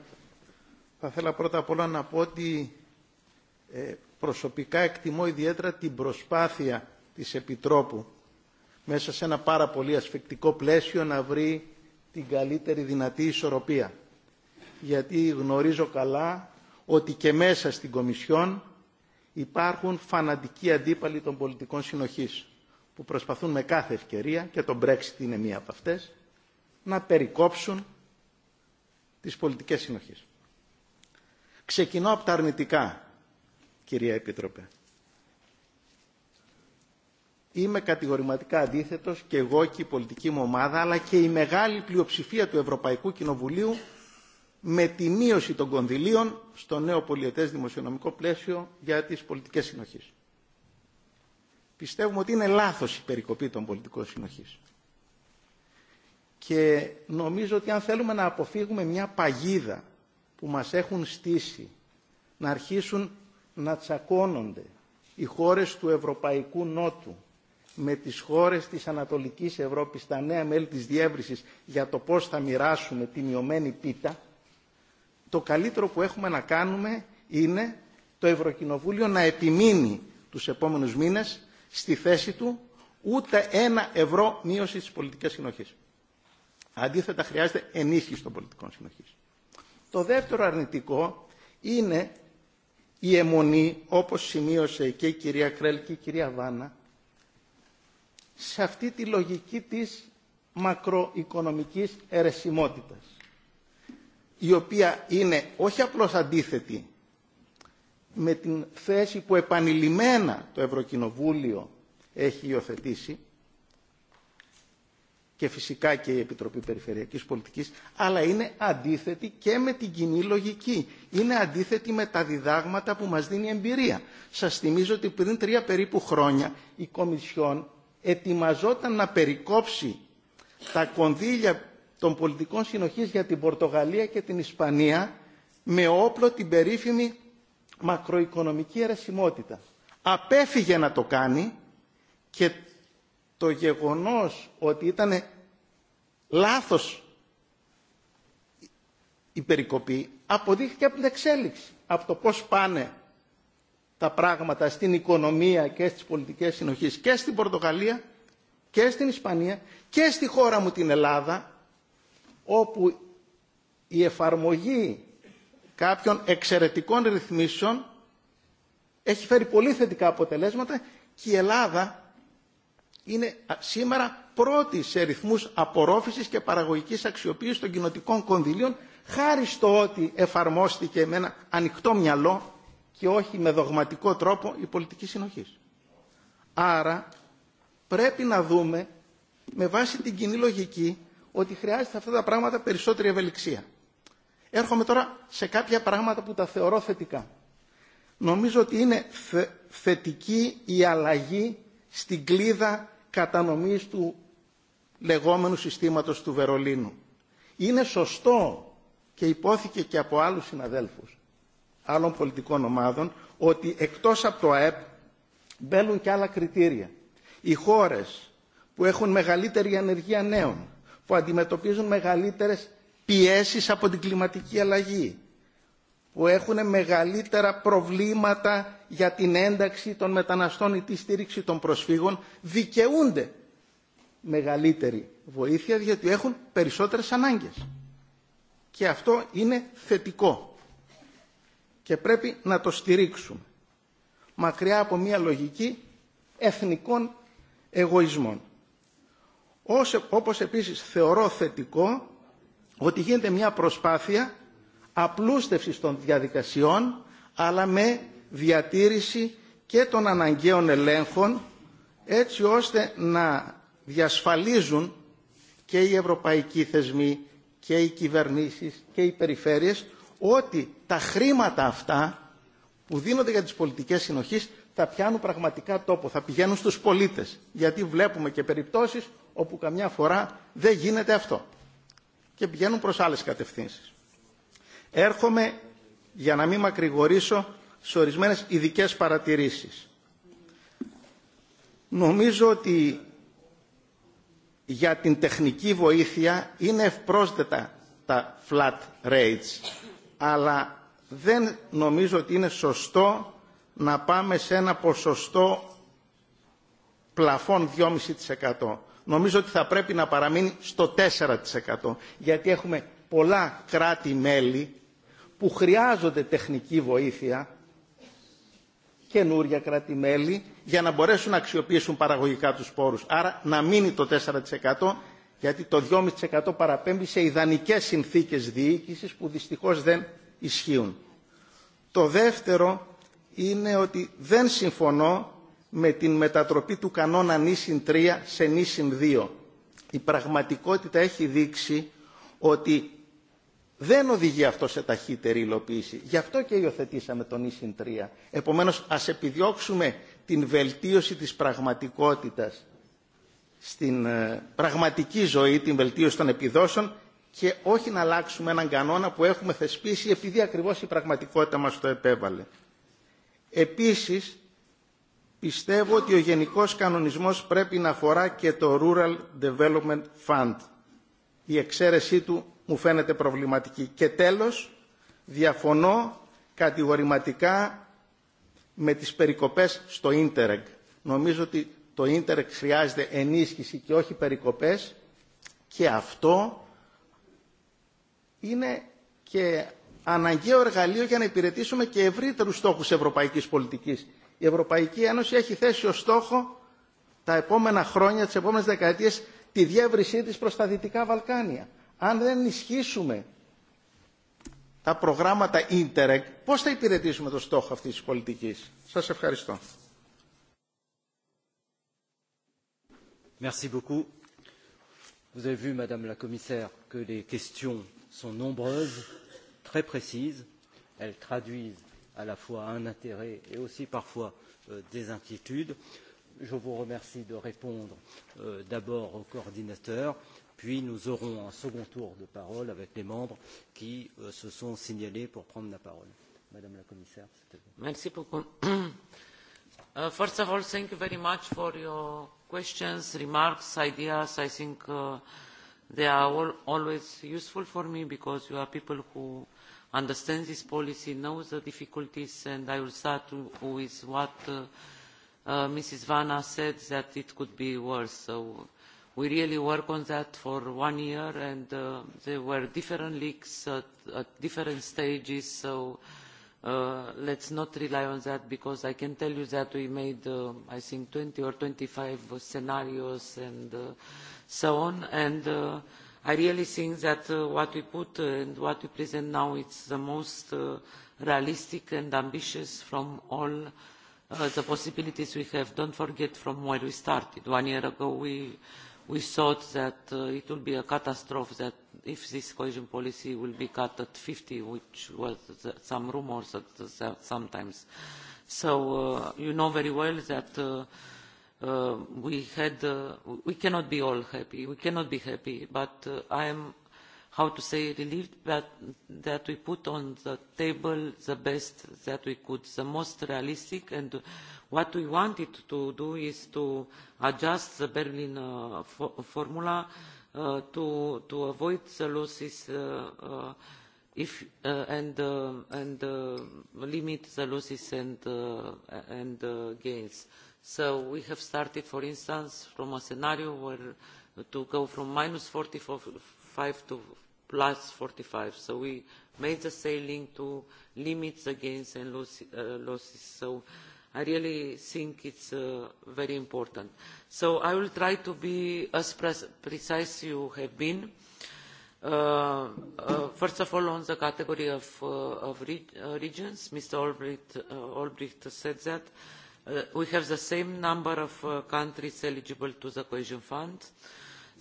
Θα ήθελα πρώτα απ' όλα να πω ότι ε, προσωπικά εκτιμώ ιδιαίτερα την προσπάθεια της Επιτρόπου μέσα σε ένα πάρα πολύ ασφικτικό πλαίσιο να βρει την καλύτερη δυνατή ισορροπία. Γιατί γνωρίζω καλά ότι και μέσα στην Κομισιόν υπάρχουν φανατικοί αντίπαλοι των πολιτικών συνοχής που προσπαθούν με κάθε ευκαιρία, και το Brexit είναι μία από αυτές, να περικόψουν τις πολιτικές συνοχές. Ξεκινώ από τα αρνητικά, κυρία Επίτροπε. Είμαι κατηγορηματικά αντίθετος και εγώ και η πολιτική μου ομάδα, αλλά και η μεγάλη πλειοψηφία του Ευρωπαϊκού Κοινοβουλίου με τη μείωση των κονδυλίων στο νέο πολιετές δημοσιονομικό πλαίσιο για τις πολιτικές συνοχές. Πιστεύουμε ότι είναι λάθος η περικοπή των πολιτικών συνοχής. Και νομίζω ότι αν θέλουμε να αποφύγουμε μια παγίδα που μας έχουν στήσει, να αρχίσουν να τσακώνονται οι χώρες του Ευρωπαϊκού Νότου με τις χώρες της Ανατολικής Ευρώπης, τα νέα μέλη της διεύρυνσης για το πώς θα μοιράσουμε τη μειωμένη πίτα, το καλύτερο που έχουμε να κάνουμε είναι το Ευρωκοινοβούλιο να επιμείνει τους επόμενους μήνες στη θέση του ούτε ένα ευρώ μείωση τη πολιτική συνοχή. Αντίθετα χρειάζεται ενίσχυση των πολιτικών συνοχή. Το δεύτερο αρνητικό είναι η αιμονή, όπω σημείωσε και η κυρία Κρέλ και η κυρία Βάνα, σε αυτή τη λογική της μακροοικονομικής αιρεσιμότητας, η οποία είναι όχι απλώς αντίθετη με την θέση που επανειλημμένα το Ευρωκοινοβούλιο έχει υιοθετήσει και φυσικά και η Επιτροπή Περιφερειακής Πολιτικής, αλλά είναι αντίθετη και με την κοινή λογική. Είναι αντίθετη με τα διδάγματα που μας δίνει η εμπειρία. Σας θυμίζω ότι πριν τρία περίπου χρόνια η Κομισιόν ετοιμαζόταν να περικόψει τα κονδύλια των πολιτικών συνοχής για την Πορτογαλία και την Ισπανία με όπλο την περίφημη μακροοικονομική αιρεσιμότητα. Απέφυγε να το κάνει και το γεγονός ότι ήταν λάθος η περικοπή αποδείχθηκε από την εξέλιξη, από το πώς πάνε τα πράγματα στην οικονομία και στις πολιτικές συνοχές και στην Πορτογαλία και στην Ισπανία και στη χώρα μου την Ελλάδα όπου η εφαρμογή κάποιων εξαιρετικών ρυθμίσεων έχει φέρει πολύ θετικά αποτελέσματα και η Ελλάδα είναι σήμερα πρώτη σε ρυθμούς απορρόφησης και παραγωγικής αξιοποίησης των κοινοτικών κονδυλίων χάρη στο ότι εφαρμόστηκε με ένα ανοιχτό μυαλό και όχι με δογματικό τρόπο η πολιτική συνοχή. Άρα πρέπει να δούμε με βάση την κοινή λογική ότι χρειάζεται αυτά τα πράγματα περισσότερη ευελιξία. Έρχομαι τώρα σε κάποια πράγματα που τα θεωρώ θετικά. Νομίζω ότι είναι θε, θετική η αλλαγή στην κλίδα κατανομής του λεγόμενου συστήματος του Βερολίνου. Είναι σωστό και υπόθηκε και από άλλους συναδέλφους άλλων πολιτικών ομάδων ότι εκτός από το ΑΕΠ μπαίνουν και άλλα κριτήρια. Οι χώρες που έχουν μεγαλύτερη ανεργία νέων, που αντιμετωπίζουν μεγαλύτερες πιέσεις από την κλιματική αλλαγή, που έχουν μεγαλύτερα προβλήματα για την ένταξη των μεταναστών ή τη στήριξη των προσφύγων, δικαιούνται μεγαλύτερη βοήθεια γιατί έχουν περισσότερες ανάγκες. Και αυτό είναι θετικό και πρέπει να το στηρίξουμε μακριά από μια λογική εθνικών εγωισμών. Όπως επίσης θεωρώ θετικό ότι γίνεται μια προσπάθεια απλούστευσης των διαδικασιών αλλά με διατήρηση και των αναγκαίων ελέγχων έτσι ώστε να διασφαλίζουν και οι ευρωπαϊκοί θεσμοί και οι κυβερνήσεις και οι περιφέρειες ότι τα χρήματα αυτά που δίνονται για τις πολιτικές συνοχής θα πιάνουν πραγματικά τόπο, θα πηγαίνουν στους πολίτες. Γιατί βλέπουμε και περιπτώσεις όπου καμιά φορά δεν γίνεται αυτό και πηγαίνουν προς άλλες κατευθύνσεις. Έρχομαι, για να μην μακρηγορήσω, σε ορισμένες ειδικέ παρατηρήσεις. Νομίζω ότι για την τεχνική βοήθεια είναι ευπρόσδετα τα flat rates, αλλά δεν νομίζω ότι είναι σωστό να πάμε σε ένα ποσοστό πλαφών 2,5% νομίζω ότι θα πρέπει να παραμείνει στο 4%. Γιατί έχουμε πολλά κράτη-μέλη που χρειάζονται τεχνική βοήθεια, καινούρια κράτη-μέλη, για να μπορέσουν να αξιοποιήσουν παραγωγικά τους πόρους. Άρα να μείνει το 4%, γιατί το 2,5% παραπέμπει σε ιδανικές συνθήκες διοίκησης που δυστυχώς δεν ισχύουν. Το δεύτερο είναι ότι δεν συμφωνώ με την μετατροπή του κανόνα νήσιν 3 σε νήσιν 2. Η πραγματικότητα έχει δείξει ότι δεν οδηγεί αυτό σε ταχύτερη υλοποίηση. Γι' αυτό και υιοθετήσαμε τον νήσιν 3. Επομένως, ας επιδιώξουμε την βελτίωση της πραγματικότητας στην πραγματική ζωή, την βελτίωση των επιδόσεων και όχι να αλλάξουμε έναν κανόνα που έχουμε θεσπίσει επειδή ακριβώς η πραγματικότητα μας το επέβαλε. Επίσης, Πιστεύω ότι ο γενικός κανονισμός πρέπει να αφορά και το Rural Development Fund. Η εξαίρεσή του μου φαίνεται προβληματική. Και τέλος, διαφωνώ κατηγορηματικά με τις περικοπές στο Ίντερεγ. Νομίζω ότι το Ίντερεγ χρειάζεται ενίσχυση και όχι περικοπές και αυτό είναι και αναγκαίο εργαλείο για να υπηρετήσουμε και ευρύτερους στόχους ευρωπαϊκής πολιτικής η Ευρωπαϊκή Ένωση έχει θέσει ως στόχο τα επόμενα χρόνια, τις επόμενες δεκαετίες, τη διεύρυνσή της προς τα Δυτικά Βαλκάνια. Αν δεν ενισχύσουμε τα προγράμματα Interreg, πώς θα υπηρετήσουμε το στόχο αυτής της πολιτικής. Σας ευχαριστώ. Merci beaucoup. Vous avez vu, Madame la Commissaire, que les questions sont nombreuses, très précises. Elles traduisent à la fois un intérêt et aussi parfois euh, des inquiétudes. Je vous remercie de répondre euh, d'abord au coordinateur, puis nous aurons un second tour de parole avec les membres qui euh, se sont signalés pour prendre la parole. Madame la Commissaire, c'était vous. Merci beaucoup. <coughs> Uh, first of all, thank you very much for your questions, remarks, ideas. I think uh, they are all, always useful for me because you are people who understands this policy, knows the difficulties, and I will start with what uh, uh, Mrs. Vana said, that it could be worse. So we really worked on that for one year, and uh, there were different leaks at, at different stages, so uh, let's not rely on that, because I can tell you that we made, uh, I think, 20 or 25 scenarios and uh, so on, and uh, I really think that uh, what we put uh, and what we present now is the most uh, realistic and ambitious from all uh, the possibilities we have. Don't forget from where we started. One year ago we, we thought that uh, it would be a catastrophe that if this cohesion policy will be cut at 50, which was the, some rumours sometimes. So uh, you know very well that Uh, we had uh, we cannot be all happy we cannot be happy but uh, i am how to say relieved that that we put on the table the best that we could the most realistic and what we wanted to do is to adjust the berlin uh, formula uh, to to avoid the losses uh, uh, if uh, and uh, and uh, limit the losses and uh, and uh, gains uh, So we have started, for instance, from a scenario where to go from minus 45 to plus 45. So we made the sailing to limits against and uh, losses. So I really think it's uh, very important. So I will try to be as precise you have been. Uh, uh, first of all, on the category of, uh, of re uh, regions, Mr. Albrecht, uh, Albrecht said that. Uh, Uh, we have the same number of uh, countries eligible to the cohesion fund.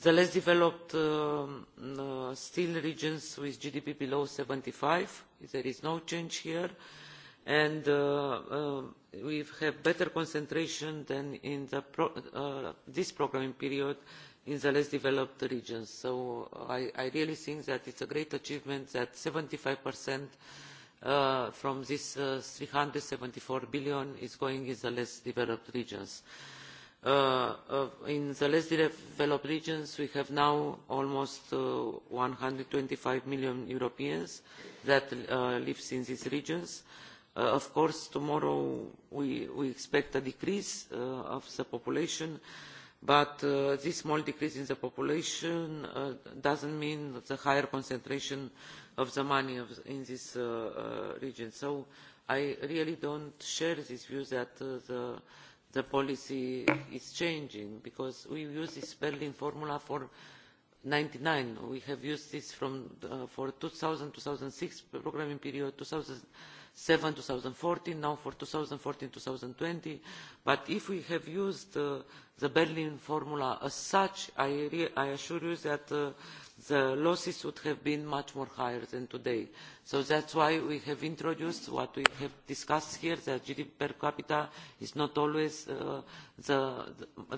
the less developed um, uh, still regions with gdp below seventy five there is no change here and we have better concentration than in this programming period in the less developed regions. so i, I really think that it is a great achievement that seventy five Uh, from this uh, 374 billion is going in the less developed regions. Uh, uh, in the less developed regions, we have now almost uh, 125 million Europeans that uh, lives in these regions. Uh, of course, tomorrow we, we expect a decrease uh, of the population, but uh, this small decrease in the population uh, doesn't mean the higher concentration of the money of, in this uh, uh, region. So I really don't share this view that uh, the, the policy is changing because we use this Berlin formula for 99. We have used this from uh, for 2000-2006 programming period, 2007 2014 now for 2014-2020. But if we have used uh, the Berlin formula as such, I, re I assure you that uh, the losses would have been much more higher than today. So that's why we have introduced what we have discussed here, that GDP per capita is not always uh, the,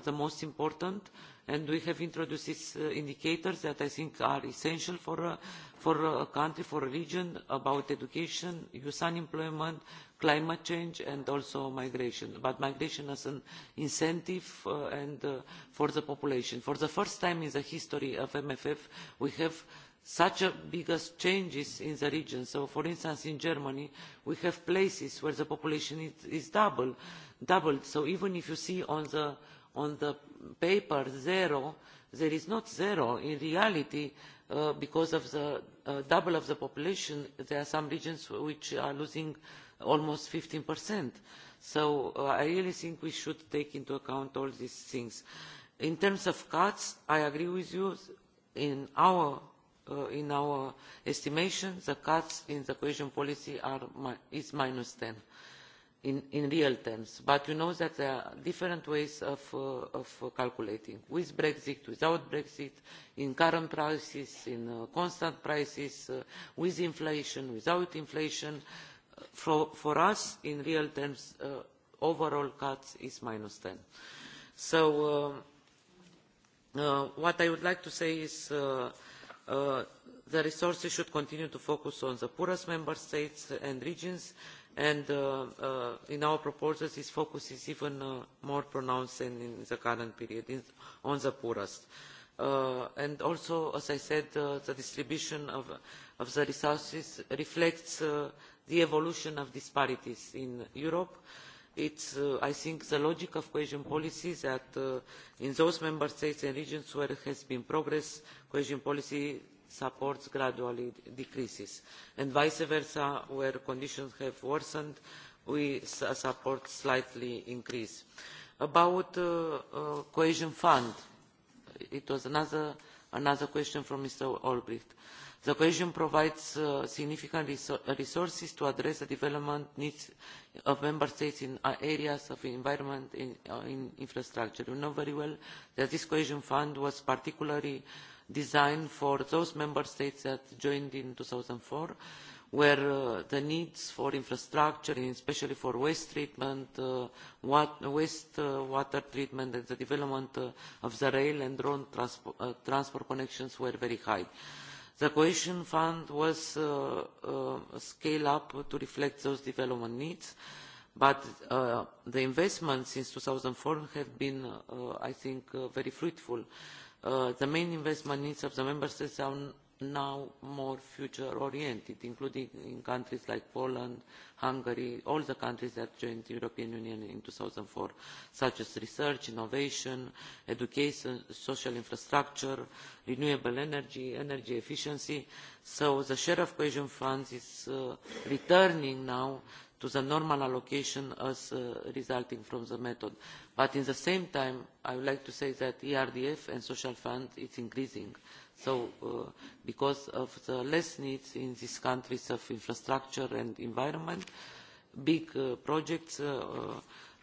the, most important, and we have introduced these uh, indicators that I think are essential for a, for a country, for a region, about education, youth unemployment, climate change and also migration but migration as an incentive uh, and uh, for the population. for the first time in the history of the mff we have such a biggest changes in the region. so for instance in germany we have places where the population is, is double, doubled so even if you see on the, on the paper zero there is not zero in reality uh, because of the uh, double of the population there are some regions which are losing almost 15%. So uh, I really think we should take into account all these things. In terms of cuts, I agree with you. In our, uh, in our estimation, the cuts in the cohesion policy are mi is minus 10 in, in real terms. But you know that there are different ways of, uh, of calculating, with Brexit, without Brexit, in current prices, in uh, constant prices, uh, with inflation, without inflation, uh, for, for us, in real terms, uh, overall cut is minus 10. So um, uh, what I would like to say is uh, uh, the resources should continue to focus on the poorest member states and regions, and uh, uh, in our proposals this focus is even uh, more pronounced than in the current period in, on the poorest. Uh, and also, as I said, uh, the distribution of, of the resources reflects uh, the evolution of disparities in europe it is uh, i think the logic of cohesion policy that uh, in those member states and regions where there has been progress cohesion policy supports gradually decreases and vice versa where conditions have worsened we support slightly increase. about the uh, cohesion fund it was another, another question from mr olbrycht the cohesion provides uh, significant resources to address the development needs of member states in uh, areas of environment and uh, infrastructure. you know very well that this cohesion fund was particularly designed for those member states that joined in two thousand and four where uh, the needs for infrastructure and especially for waste treatment uh, wat waste uh, water treatment and the development of the rail and road transport connections were very high. The cohesion fund was uh, uh, scaled up to reflect those development needs, but uh, the investments since 2004 have been, uh, I think, uh, very fruitful. Uh, the main investment needs of the member states are now more future oriented including in countries like poland hungary all the countries that joined the european union in two thousand and four such as research innovation education social infrastructure renewable energy energy efficiency so the share of cohesion funds is uh, returning now to the normal allocation as uh, resulting from the method. But at the same time, I would like to say that ERDF and social fund is increasing So, uh, because of the less needs in these countries of infrastructure and environment, big uh, projects, uh, uh,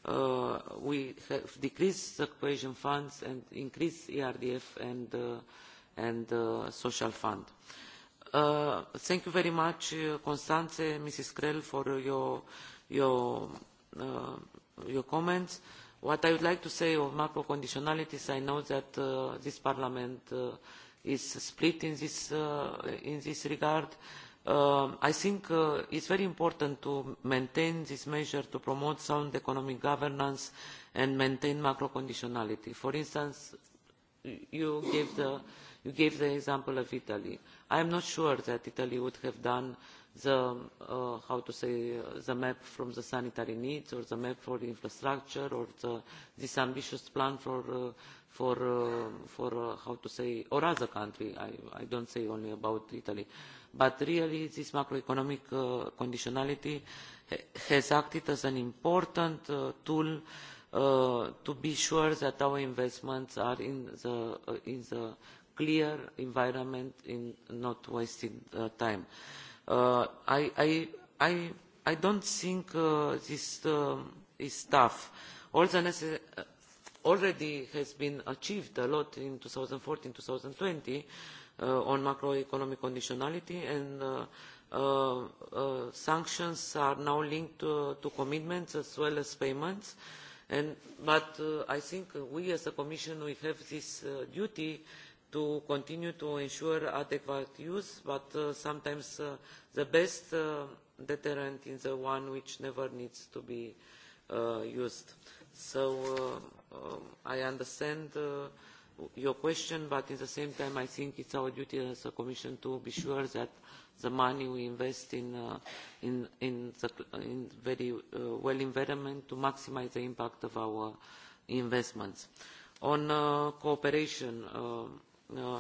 uh we have decreased the cohesion funds and increased ERDF and, uh, and uh, social fund. Uh, thank you very much, uh, Constanze, Mrs. Krell, for uh, your, your, uh, your comments. What I would like to say of macro conditionalities, I know that uh, this Parliament uh, is split in this, uh, in this regard. Um, I think uh, it's very important to maintain this measure to promote sound economic governance and maintain macro conditionality. For instance, you gave the, you gave the example of Italy. I am not sure that Italy would have done the, uh, how to say, uh, the map from the sanitary needs or the map for the infrastructure or the, this ambitious plan for uh, for uh, for uh, how to say or other country I, I don't say only about Italy but really this macroeconomic uh, conditionality ha has acted as an important uh, tool uh, to be sure that our investments are in the uh, in the clear environment in not wasting uh, time uh, I, I I I don't think uh, this um, is tough all the necessary already has been achieved a lot in 2014 2020 uh, on macroeconomic conditionality and uh, uh, uh, sanctions are now linked to, to commitments as well as payments and but uh, I think we as a commission we have this uh, duty to continue to ensure adequate use but uh, sometimes uh, the best uh, deterrent is the one which never needs to be uh, used so uh, Um, I understand uh, your question, but at the same time, I think it's our duty as a Commission to be sure that the money we invest in, uh, in, in, the, in very uh, well environment to maximize the impact of our investments. On uh, cooperation, um, uh,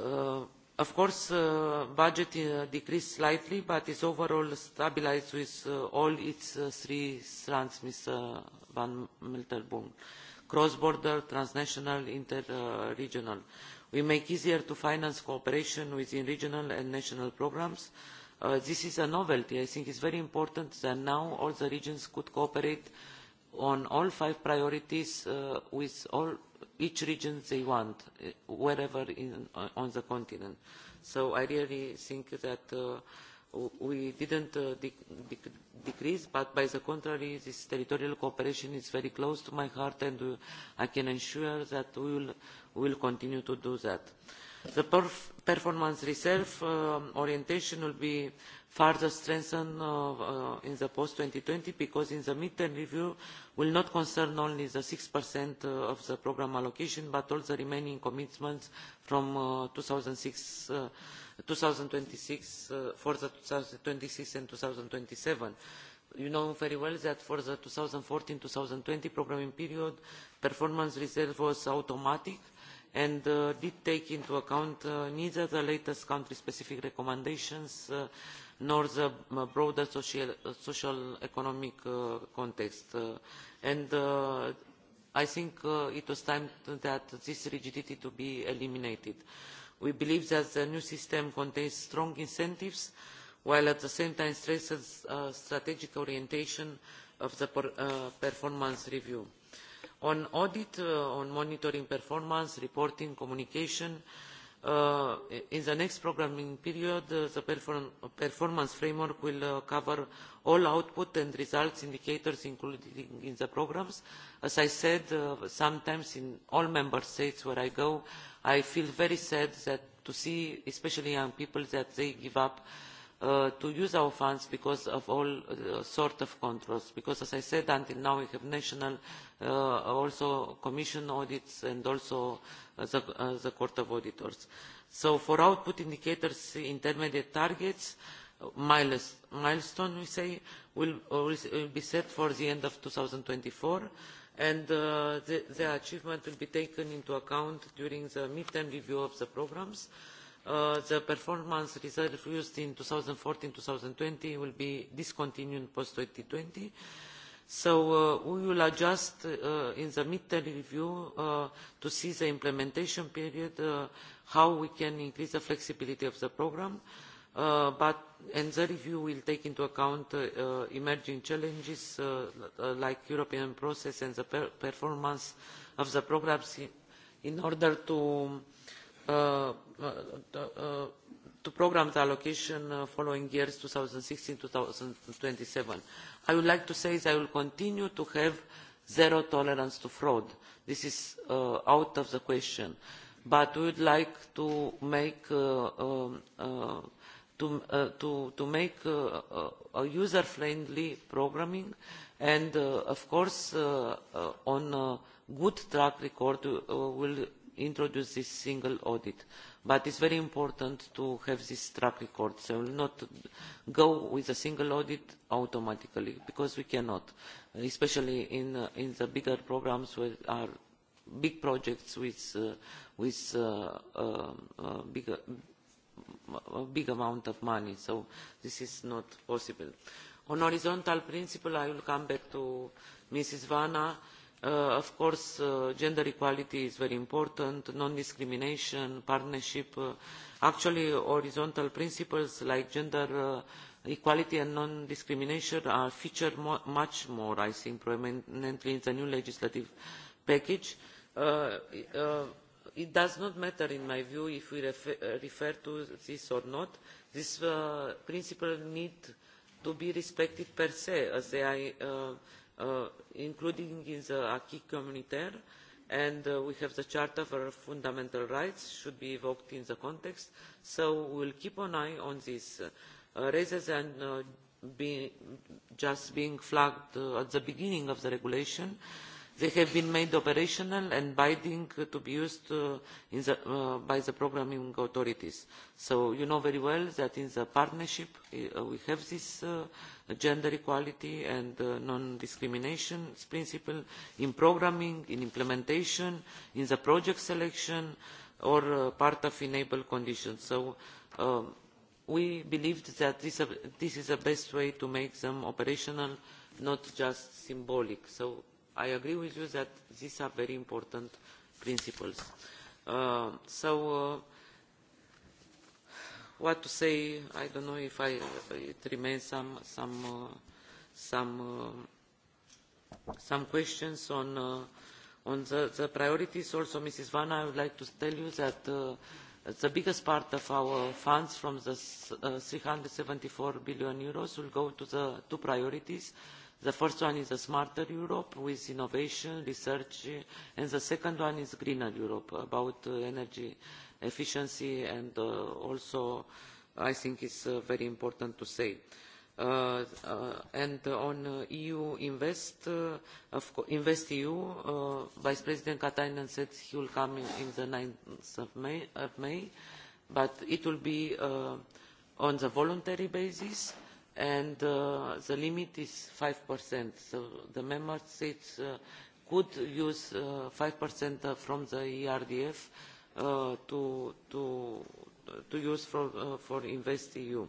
uh, uh, Of course, uh, budget uh, decreased slightly, but is overall stabilized with uh, all its uh, three strands, Mr. Van Milterboom: cross-border, transnational, inter-regional. We make easier to finance cooperation within regional and national programs. Uh, this is a novelty. I think it's very important that now all the regions could cooperate on all five priorities uh, with all each region they want, uh, wherever in, uh, on the continent. So I really think that uh, we didn't uh, de de decrease, but by the contrary, this territorial cooperation is very close to my heart, and uh, I can ensure that we will, will continue to do that. The perf performance reserve um, orientation will be further strengthened uh, uh, in the post two thousand and twenty because in the mid term review will not concern only the six uh, of the programme allocation but all the remaining commitments from uh, two thousand and twenty six for the 2026 and 2027. two thousand and twenty seven you know very well that for the two thousand and fourteen two thousand and twenty programming period performance reserve was automatic and uh, did take into account uh, neither the latest country specific recommendations uh, nor the uh, broader social, uh, social economic uh, context. And I think it was time that this rigidity to be eliminated. We believe that the new system contains strong incentives while at the same time stresses uh, strategic orientation of the per, uh, performance review. On audit, uh, on monitoring performance, reporting, communication, uh, Uh, in the next programming period, uh, the performance framework will uh, cover all output and results indicators included in the programmes. As I said, sometimes in all member states where I go, I feel very sad that to see, especially young people, that they give up Uh, to use our funds because of all uh, sorts of controls because as i said until now we have national uh, also commission audits and also uh, the, the court of auditors so for output indicators intermediate targets miles, milestone we say will, will be set for the end of 2024 and the, the achievement will be taken into account during the midterm review of the programs uh, Uh, the performance reserve used in 2014-2020 will be discontinued post-2020. So uh, we will adjust uh, in the mid-term review to see the implementation period, how we can increase the flexibility of the program. But and the review will take into account emerging challenges like European process and the performance of the programs in order to Uh, uh, uh, to programmes allocation uh, following years two thousand and sixteen two thousand and twenty seven i would like to say that i will continue to have zero tolerance to fraud this is uh, out of the question but we would like to make um, to, make a user friendly programming and of course on a good track record will introduce this single audit but it is very important to have this track record so we will not go with a single audit automatically because we cannot especially in, uh, in the bigger programmes where are big projects with, uh, with uh, um, uh big, uh, a big amount of money so this is not possible. on horizontal principle i will come back to mrs vana Uh, of course uh, gender equality is very important non discrimination partnership uh, actually horizontal principles like gender equality and non discrimination are featured mo much more i think prominently in the new legislative package. Uh, uh, it does not matter in my view if we refer, refer to this or not these uh, principles need to be respected per se as they are uh, including in the uh, acquis communautaire and uh, we have the charter for fundamental rights should be evoked in the context so we will keep an eye on this uh, rather than uh, be just being flagged uh, at the beginning of the regulation uh, they have been made operational and binding to be used uh, in the, uh, by the programming authorities. So you know very well that in the partnership uh, we have this uh, gender equality and uh, non-discrimination principle in programming, in implementation, in the project selection, or uh, part of enable conditions. So um, we believed that this, uh, this is the best way to make them operational, not just symbolic. So I agree with you that these are very important principles. Uh, so, uh, what to say? I don't know if I, it remains some some uh, some uh, some questions on uh, on the, the priorities. Also, Mrs. Vanna, I would like to tell you that. Uh, the biggest part of our funds from the eur uh, three hundred and seventy four billion Euros will go to the two priorities The first one is a smarter Europe with innovation, research, and the second one is greener Europe about uh, energy efficiency and uh, also I think it's uh, very important to say. Uh, uh, and on uh, EU Invest, Invest EU, Vice President Katainen said he will come in, in the 9th of May, of May, but it will be on the voluntary basis and uh, the limit is 5%. So the member states uh, could use uh, 5% from the ERDF uh, to, to, to use for, uh, for InvestEU.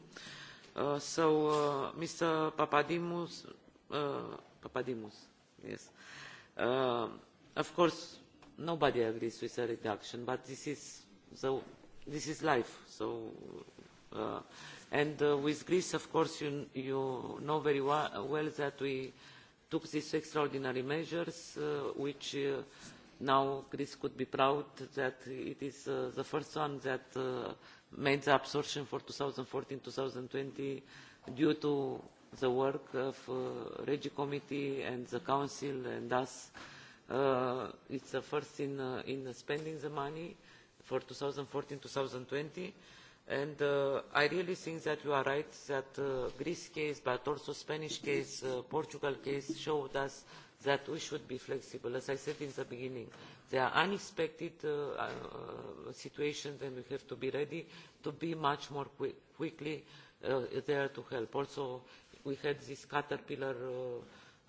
Uh, so, uh, Mr. Papadimous, uh, Papadimous, yes. Uh, of course, nobody agrees with a reduction, but this is, this is life. So, uh, And uh, with Greece, of course, you, you know very well that we took these extraordinary measures, uh, which uh, now Greece could be proud that it is uh, the first one that uh, made the absorption for 2014-2020 due to the work of uh, Regi Committee and the Council and us. Uh, it's the first in, uh, in spending the money for 2014-2020 And uh, I really think that you are right that uh, Greece case, but also Spanish case, uh, Portugal case showed us that we should be flexible. As I said in the beginning, there are unexpected uh, uh, situations and we have to be ready to be much more quickly uh, there to help. Also, we had this caterpillar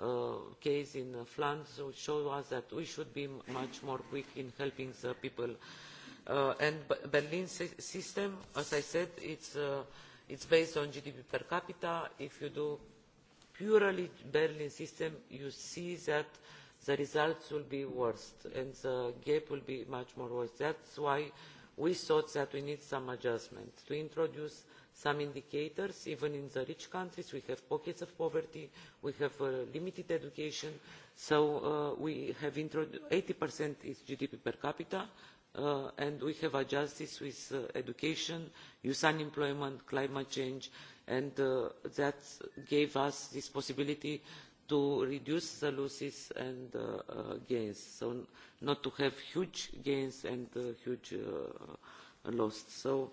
uh, uh, case in Flanders, which showed us that we should be much more quick in helping the people Uh, and Berlin system, as I said, it's, uh, it's based on GDP per capita. If you do purely Berlin system, you see that the results will be worse and the gap will be much more worse. That's why we thought that we need some adjustment to introduce some indicators, even in the rich countries, we have pockets of poverty, we have uh, limited education, so uh, we have introduced 80% is GDP per capita, Uh, and we have addressed this with uh, education youth unemployment climate change and uh, that gave us this possibility to reduce the losses and gains so not to have huge gains and huge losses. so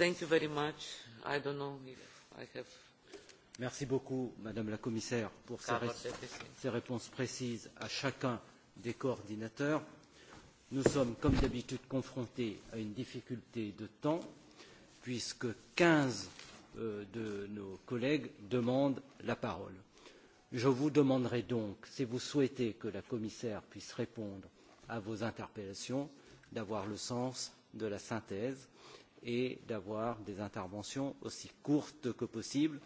thank you very much. i don't know if i have. merci beaucoup madame la commissaire pour ces, ré ces réponses précises à chacun des coordinateurs. Nous sommes, comme d'habitude, confrontés à une difficulté de temps, puisque quinze euh, de nos collègues demandent la parole. Je vous demanderai donc, si vous souhaitez que la commissaire puisse répondre à vos interpellations, d'avoir le sens de la synthèse et d'avoir des interventions aussi courtes que possible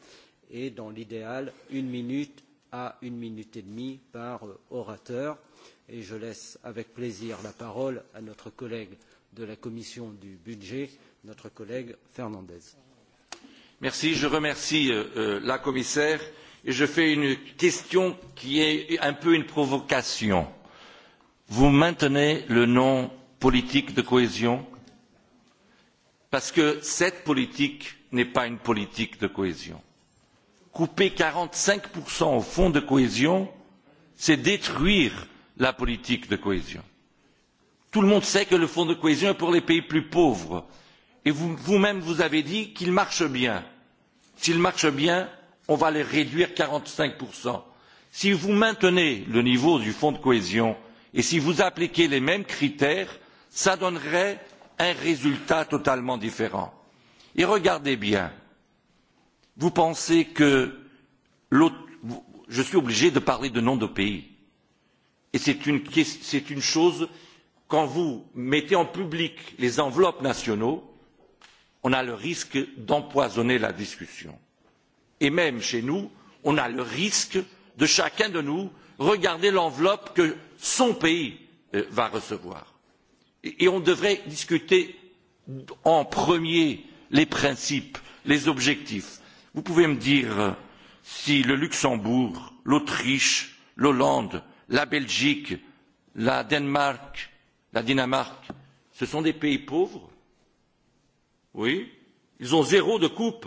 et, dans l'idéal, une minute à une minute et demie par orateur. Et je laisse avec plaisir la parole à notre collègue de la commission du budget, notre collègue Fernandez. Merci, je remercie euh, euh, la commissaire et je fais une question qui est un peu une provocation. Vous maintenez le nom politique de cohésion parce que cette politique n'est pas une politique de cohésion couper quarante cinq au fonds de cohésion c'est détruire la politique de cohésion. tout le monde sait que le fonds de cohésion est pour les pays plus pauvres et vous, vous même vous avez dit qu'il marche bien. s'il marche bien on va le réduire quarante cinq si vous maintenez le niveau du fonds de cohésion et si vous appliquez les mêmes critères cela donnerait un résultat totalement différent. et regardez bien vous pensez que l'autre je suis obligé de parler de nom de pays et c'est une, une chose quand vous mettez en public les enveloppes nationaux on a le risque d'empoisonner la discussion et même chez nous on a le risque de chacun de nous regarder l'enveloppe que son pays euh, va recevoir et on devrait discuter en premier les principes les objectifs Vous pouvez me dire si le Luxembourg, l'Autriche, l'Hollande, la Belgique, la Danemark, la Dinamarque, ce sont des pays pauvres Oui, ils ont zéro de coupe.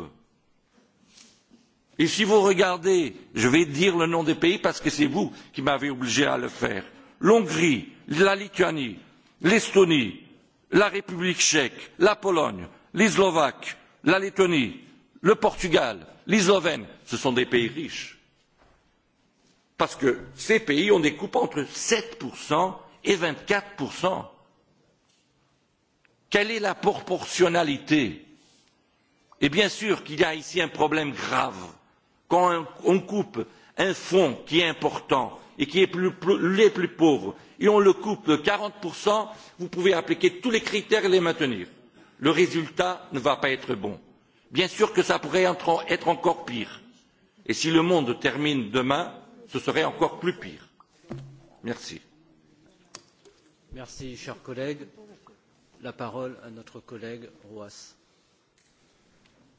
Et si vous regardez, je vais dire le nom des pays parce que c'est vous qui m'avez obligé à le faire, l'Hongrie, la Lituanie, l'Estonie, la République tchèque, la Pologne, les Slovaques, la Lettonie, le Portugal, la slovénie ce sont des pays riches. Parce que ces pays ont des coupes entre sept et vingt quatre Quelle est la proportionnalité Et bien sûr qu'il y a ici un problème grave. Quand on coupe un fonds qui est important et qui est plus, plus, les plus pauvres et on le coupe de quarante vous pouvez appliquer tous les critères et les maintenir. Le résultat ne va pas être bon Bien sûr que ça pourrait être encore pire. Et si le monde termine demain, ce serait encore plus pire. Merci. Merci, cher collègue. La parole à notre collègue Roas.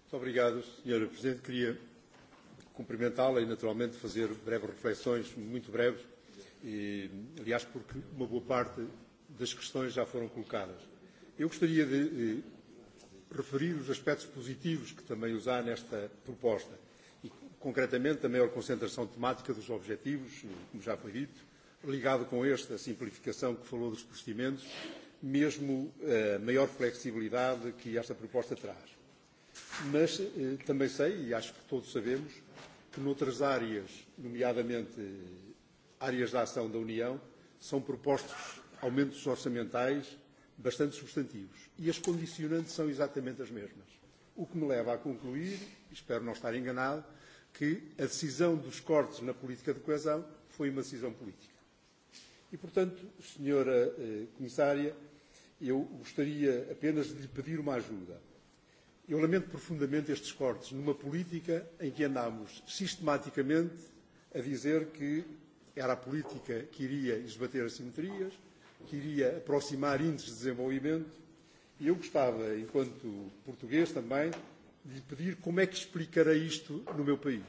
Muito obrigado, Sr. Presidente. Queria cumprimentá-la e, naturalmente, fazer breves reflexões, muito breves, e, aliás, porque uma boa parte das questões já foram colocadas. Eu gostaria de referir os aspectos positivos que também os há nesta proposta. E, concretamente, a maior concentração temática dos objetivos, como já foi dito, ligado com este, a simplificação que falou dos procedimentos, mesmo a eh, maior flexibilidade que esta proposta traz. Mas eh, também sei, e acho que todos sabemos, que noutras áreas, nomeadamente áreas da ação da União, são propostos aumentos orçamentais bastante substantivos. E as condicionantes são exatamente as mesmas. O que me leva a concluir, e espero não estar enganado, que a decisão dos cortes na política de coesão foi uma decisão política. E, portanto, Senhora eh, Comissária, eu gostaria apenas de lhe pedir uma ajuda. Eu lamento profundamente estes cortes numa política em que andámos sistematicamente a dizer que era a política que iria esbater assimetrias, que iria aproximar índices de desenvolvimento e eu gostava, enquanto português também, de lhe pedir como é que explicará isto no meu país.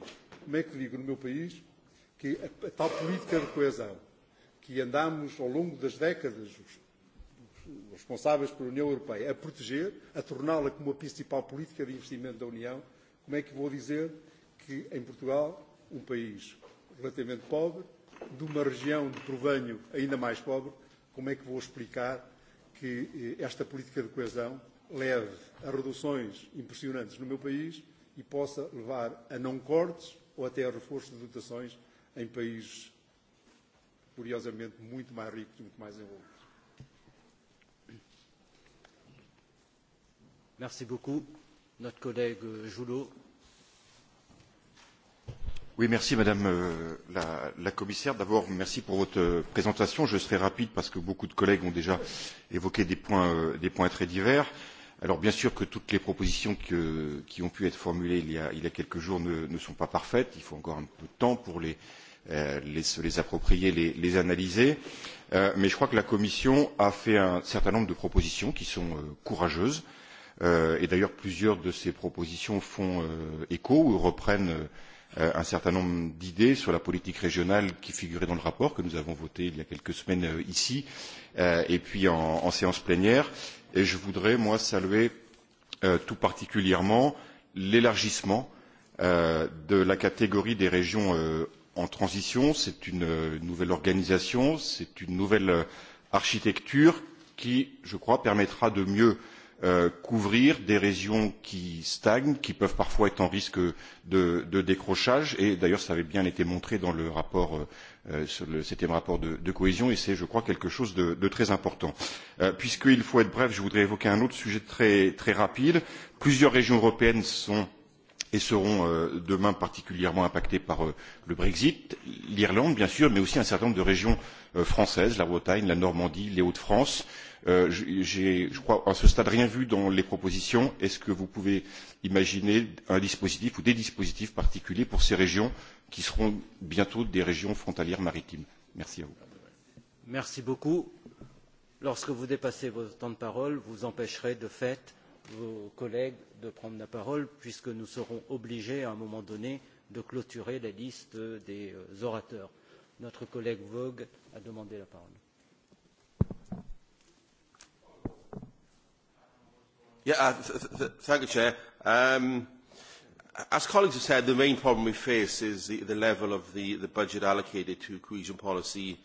Como é que digo no meu país que a, a tal política de coesão que andámos ao longo das décadas, os, os responsáveis pela União Europeia, a proteger, a torná-la como a principal política de investimento da União, como é que vou dizer que em Portugal, um país relativamente pobre, de uma região de provenho ainda mais pobre, como é que vou explicar que eh, esta política de coesão leve a reduções impressionantes no meu país e possa levar a não cortes ou até a reforço de dotações em países, curiosamente, muito mais ricos e muito mais envolvidos. Merci beaucoup. Notre collègue Joulot Madame euh, la, Commissaire. D'abord, merci pour votre euh, présentation. Je serai rapide parce que beaucoup de collègues ont déjà évoqué des points, euh, très divers. Alors bien sûr que toutes les propositions qui ont pu être formulées il y a, quelques jours ne, sont pas parfaites. Il faut encore un peu de temps pour se les approprier, les, les analyser. mais je crois que la Commission a fait un certain nombre de propositions qui sont courageuses. et d'ailleurs, plusieurs de ces propositions font écho ou reprennent. Euh, un certain nombre d'idées sur la politique régionale qui figurait dans le rapport que nous avons voté il y a quelques semaines euh, ici euh, et puis en, en séance plénière. Et je voudrais, moi, saluer tout particulièrement l'élargissement de la catégorie des régions en transition. C'est une nouvelle organisation, c'est une nouvelle architecture qui, je crois, permettra de mieux Euh, couvrir des régions qui stagnent, qui peuvent parfois être en risque de, de décrochage. Et d'ailleurs, ça avait bien été montré dans le rapport, euh, euh, sur le septième rapport de, de cohésion, et c'est, je crois, quelque chose de, de très important. Euh, Puisqu'il faut être bref, je voudrais évoquer un autre sujet très, très rapide. Plusieurs régions européennes sont et seront euh, demain particulièrement impactées par euh, le Brexit, l'Irlande bien sûr, mais aussi un certain nombre de régions euh, françaises, la Bretagne, la Normandie, les Hauts-de-France. Euh, Euh, j'ai, je crois, à ce stade, rien vu dans les propositions. Est-ce que vous pouvez imaginer un dispositif ou des dispositifs particuliers pour ces régions qui seront bientôt des régions frontalières maritimes Merci à vous. Merci beaucoup. Lorsque vous dépassez votre temps de parole, vous empêcherez de fait vos collègues de prendre la parole puisque nous serons obligés à un moment donné de clôturer la liste des euh, orateurs. Notre collègue Vogue a demandé la parole. Yeah, uh, th th thank you, Chair. Um, as colleagues have said, the main problem we face is the, the level of the, the budget allocated to cohesion policy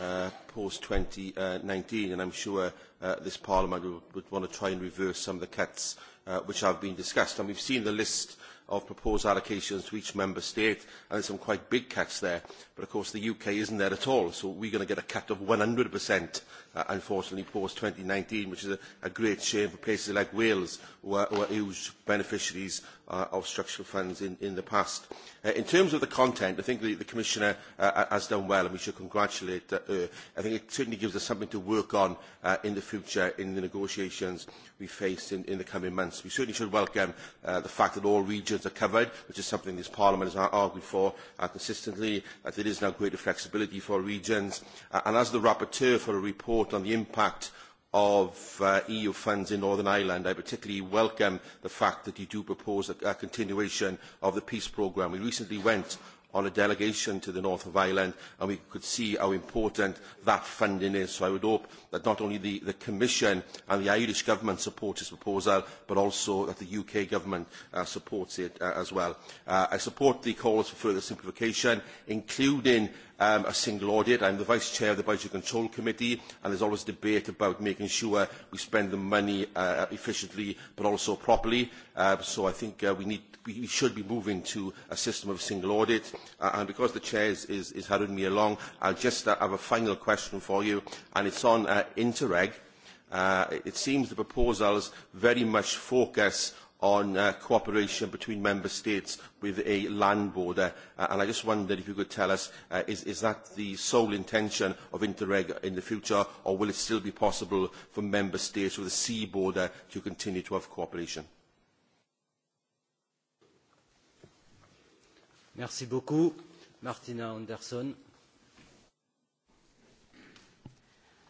uh, post-2019, and I'm sure uh, this Parliament would, would want to try and reverse some of the cuts uh, which have been discussed. And we've seen the list of proposed allocations to each member state, and some quite big cuts there. But of course, the UK isn't there at all, so we're going to get a cut of 100%, uh, unfortunately, post-2019, which is a, a great shame for places like Wales, who are, who are huge beneficiaries uh, of structural funds in, in the past. Uh, in terms of the content, I think the, the Commissioner uh, uh, has done well, and we should congratulate uh, her. I think it certainly gives us something to work on uh, in the future in the negotiations we face in, in the coming months. We certainly should welcome uh, the fact that all regions provisions are covered, which is something this Parliament has argued for uh, consistently, that there is now greater flexibility for regions. Uh, and as the rapporteur for a report on the impact of uh, EU funds in Northern Ireland. I particularly welcome the fact that you do propose a, a continuation of the peace programme. We recently went on a delegation to the north of Ireland and we could see how important that funding is. So I would hope that not only the, the Commission and the Irish Government support this proposal, but also that the UK Government uh, supports it uh, as well. Uh, I support the calls for further simplification, including um, a single audit. I'm the Vice Chair of the Budget Control Committee and there's always debate about making sure we spend the money uh, efficiently but also properly. Uh, so I think uh, we, need, we should be moving to a system of single audit. Uh, and because the Chair is, is, is hurrying me along, I'll just uh, have a final question for you and it's on uh, Interreg. Uh, it seems the proposals very much focus on uh, cooperation between member states with a land border. Uh, and I just wondered if you could tell us, uh, is, is that the sole intention of Interreg in the future, or will it still be possible for member states with a sea border to continue to have cooperation? Merci beaucoup. Martina Anderson.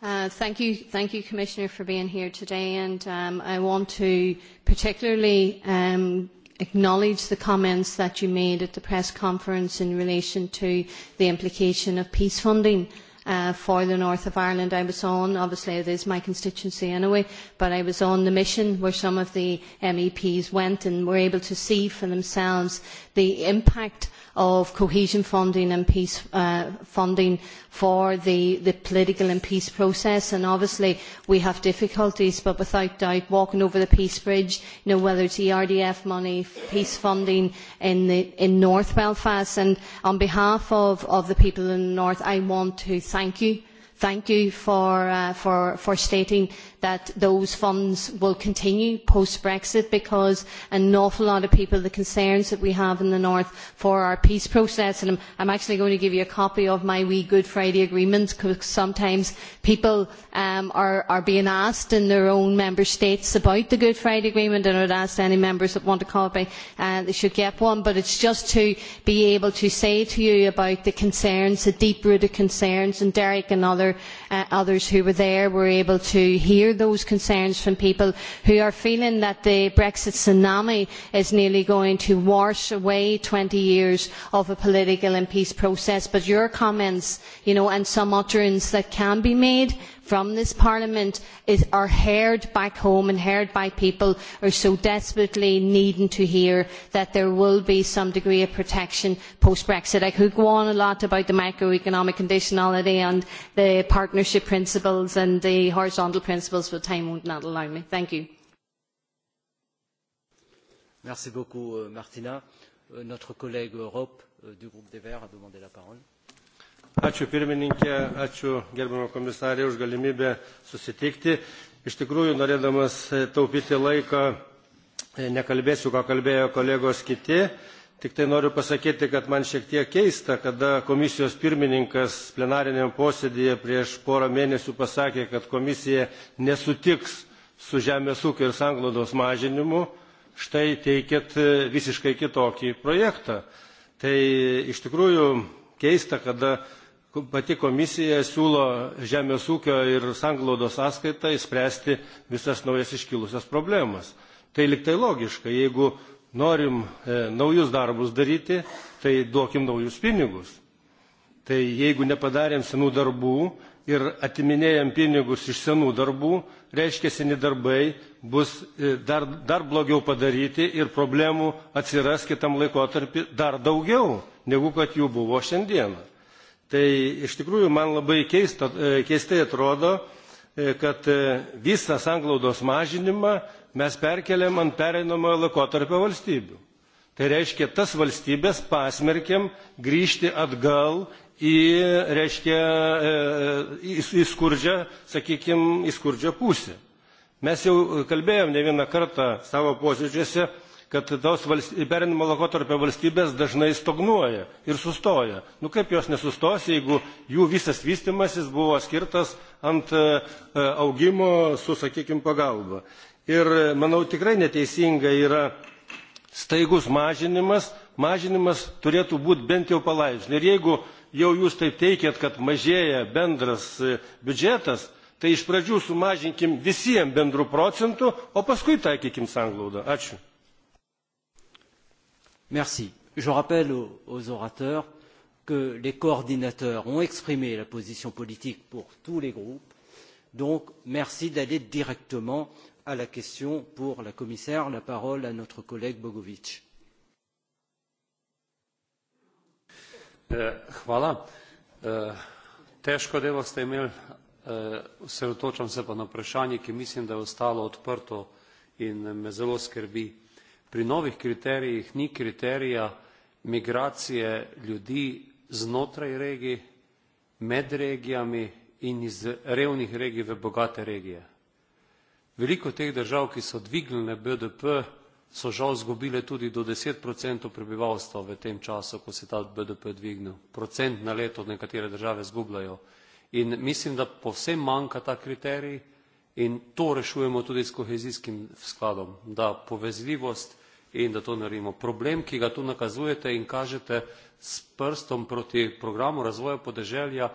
Uh, thank you, thank you, Commissioner, for being here today. And um, I want to particularly um, acknowledge the comments that you made at the press conference in relation to the implication of peace funding. Uh, for the north of Ireland. I was on, obviously it is my constituency anyway, but I was on the mission where some of the MEPs went and were able to see for themselves the impact of cohesion funding and peace uh, funding for the, the political and peace process. And obviously we have difficulties, but without doubt, walking over the peace bridge, you know, whether it's ERDF money, peace funding in, the, in North Belfast. And on behalf of, of the people in the North, I want to thank you thank you for, uh, for, for stating that those funds will continue post-Brexit because an awful lot of people, the concerns that we have in the North for our peace process, and I'm, I'm actually going to give you a copy of my wee Good Friday Agreement because sometimes people um, are, are being asked in their own member states about the Good Friday Agreement and I would ask any members that want a copy, uh, they should get one, but it's just to be able to say to you about the concerns, the deep-rooted concerns, and Derek and other Uh, others who were there were able to hear those concerns from people who are feeling that the Brexit tsunami is nearly going to wash away 20 years of a political and peace process. But your comments, you know, and some utterance that can be made from this parliament is, are heard back home and heard by people who are so desperately needing to hear that there will be some degree of protection post Brexit. I could go on a lot about the macroeconomic conditionality and the partnership partnership principles and the horizontal principles, but time would not allow me. Thank you. Merci beaucoup, euh, Martina. Euh, notre collègue Europe euh, du groupe des Verts a demandé la parole. Ačiū pirmininkė, ačiū gerbimo komisarė už galimybę susitikti. Iš tikrųjų, norėdamas e, taupyti laiką, e, nekalbėsiu, ką kalbėjo kolegos kiti Tik tai noriu pasakyti, kad man šiek tiek keista, kada komisijos pirmininkas plenarinėme posėdėje prieš porą mėnesių pasakė, kad komisija nesutiks su žemės ūkio ir sanglaudos mažinimu, štai teikėt e, visiškai kitokį projektą. Tai e, iš tikrųjų keista, kada pati komisija siūlo žemės ūkio ir sanglaudos sąskaitą įspręsti visas naujas iškilusias problemas. Tai liktai logiška, jeigu norim e, naujus darbus daryti, tai duokim naujus pinigus. Tai jeigu nepadarėm senų darbų ir atiminėjam pinigus iš senų darbų, reiškia seni darbai bus e, dar, dar blogiau padaryti ir problemų atsiras kitam laikotarpį dar daugiau, negu kad jų buvo šiandieną. Tai iš tikrųjų man labai keista, e, keistai atrodo, kad visą sanglaudos mažinimą mes perkeliam ant pereinamojo laikotarpio valstybių. Tai reiškia, tas valstybes pasmerkiam grįžti atgal į, reiškia, e, e, į, skurdžią, sakykim į skurdžią pusę. Mes jau kalbėjom ne vieną kartą savo posėdžiuose, kad tos perinimo laikotarpio valstybės dažnai stagnuoja ir sustoja. Nu kaip jos nesustos, jeigu jų visas vystymasis buvo skirtas ant e, augimo su, sakykim pagalba ir manau tikrai neteisinga yra staigus mažinimas mažinimas turėtų būti bent jau palaipsniui ir jeigu jau jūs taip teigiat kad mažėja bendras e, biudžetas tai iš pradžių sumažinkim visiems bendru procentu o paskui taikykim sanglaudą. ačiū. Merci. Je rappelle aux orateurs que les coordinateurs ont exprimé la position politique pour tous les groupes. Donc, merci d'aller directement à la question pour la commissaire. La parole à notre collègue Bogovic. Eh, hvala. Eh, težko delo ste imeli, osredotočam eh, se pa na vprašanje, ki mislim, da je ostalo odprto in me zelo skrbi. Pri novih kriterijih ni kriterija migracije ljudi znotraj regij, med regijami in iz revnih regij v bogate regije. Veliko teh držav, ki so dvignile BDP, so žal izgubile tudi do deset procentov prebivalstva v tem času, ko se je ta BDP dvignil. Procent na leto nekatere države izgubljajo. In mislim, da povsem manjka ta kriterij in to rešujemo tudi s kohezijskim skladom, da povezljivost in da to naredimo. Problem, ki ga tu nakazujete in kažete s prstom proti programu razvoja podeželja,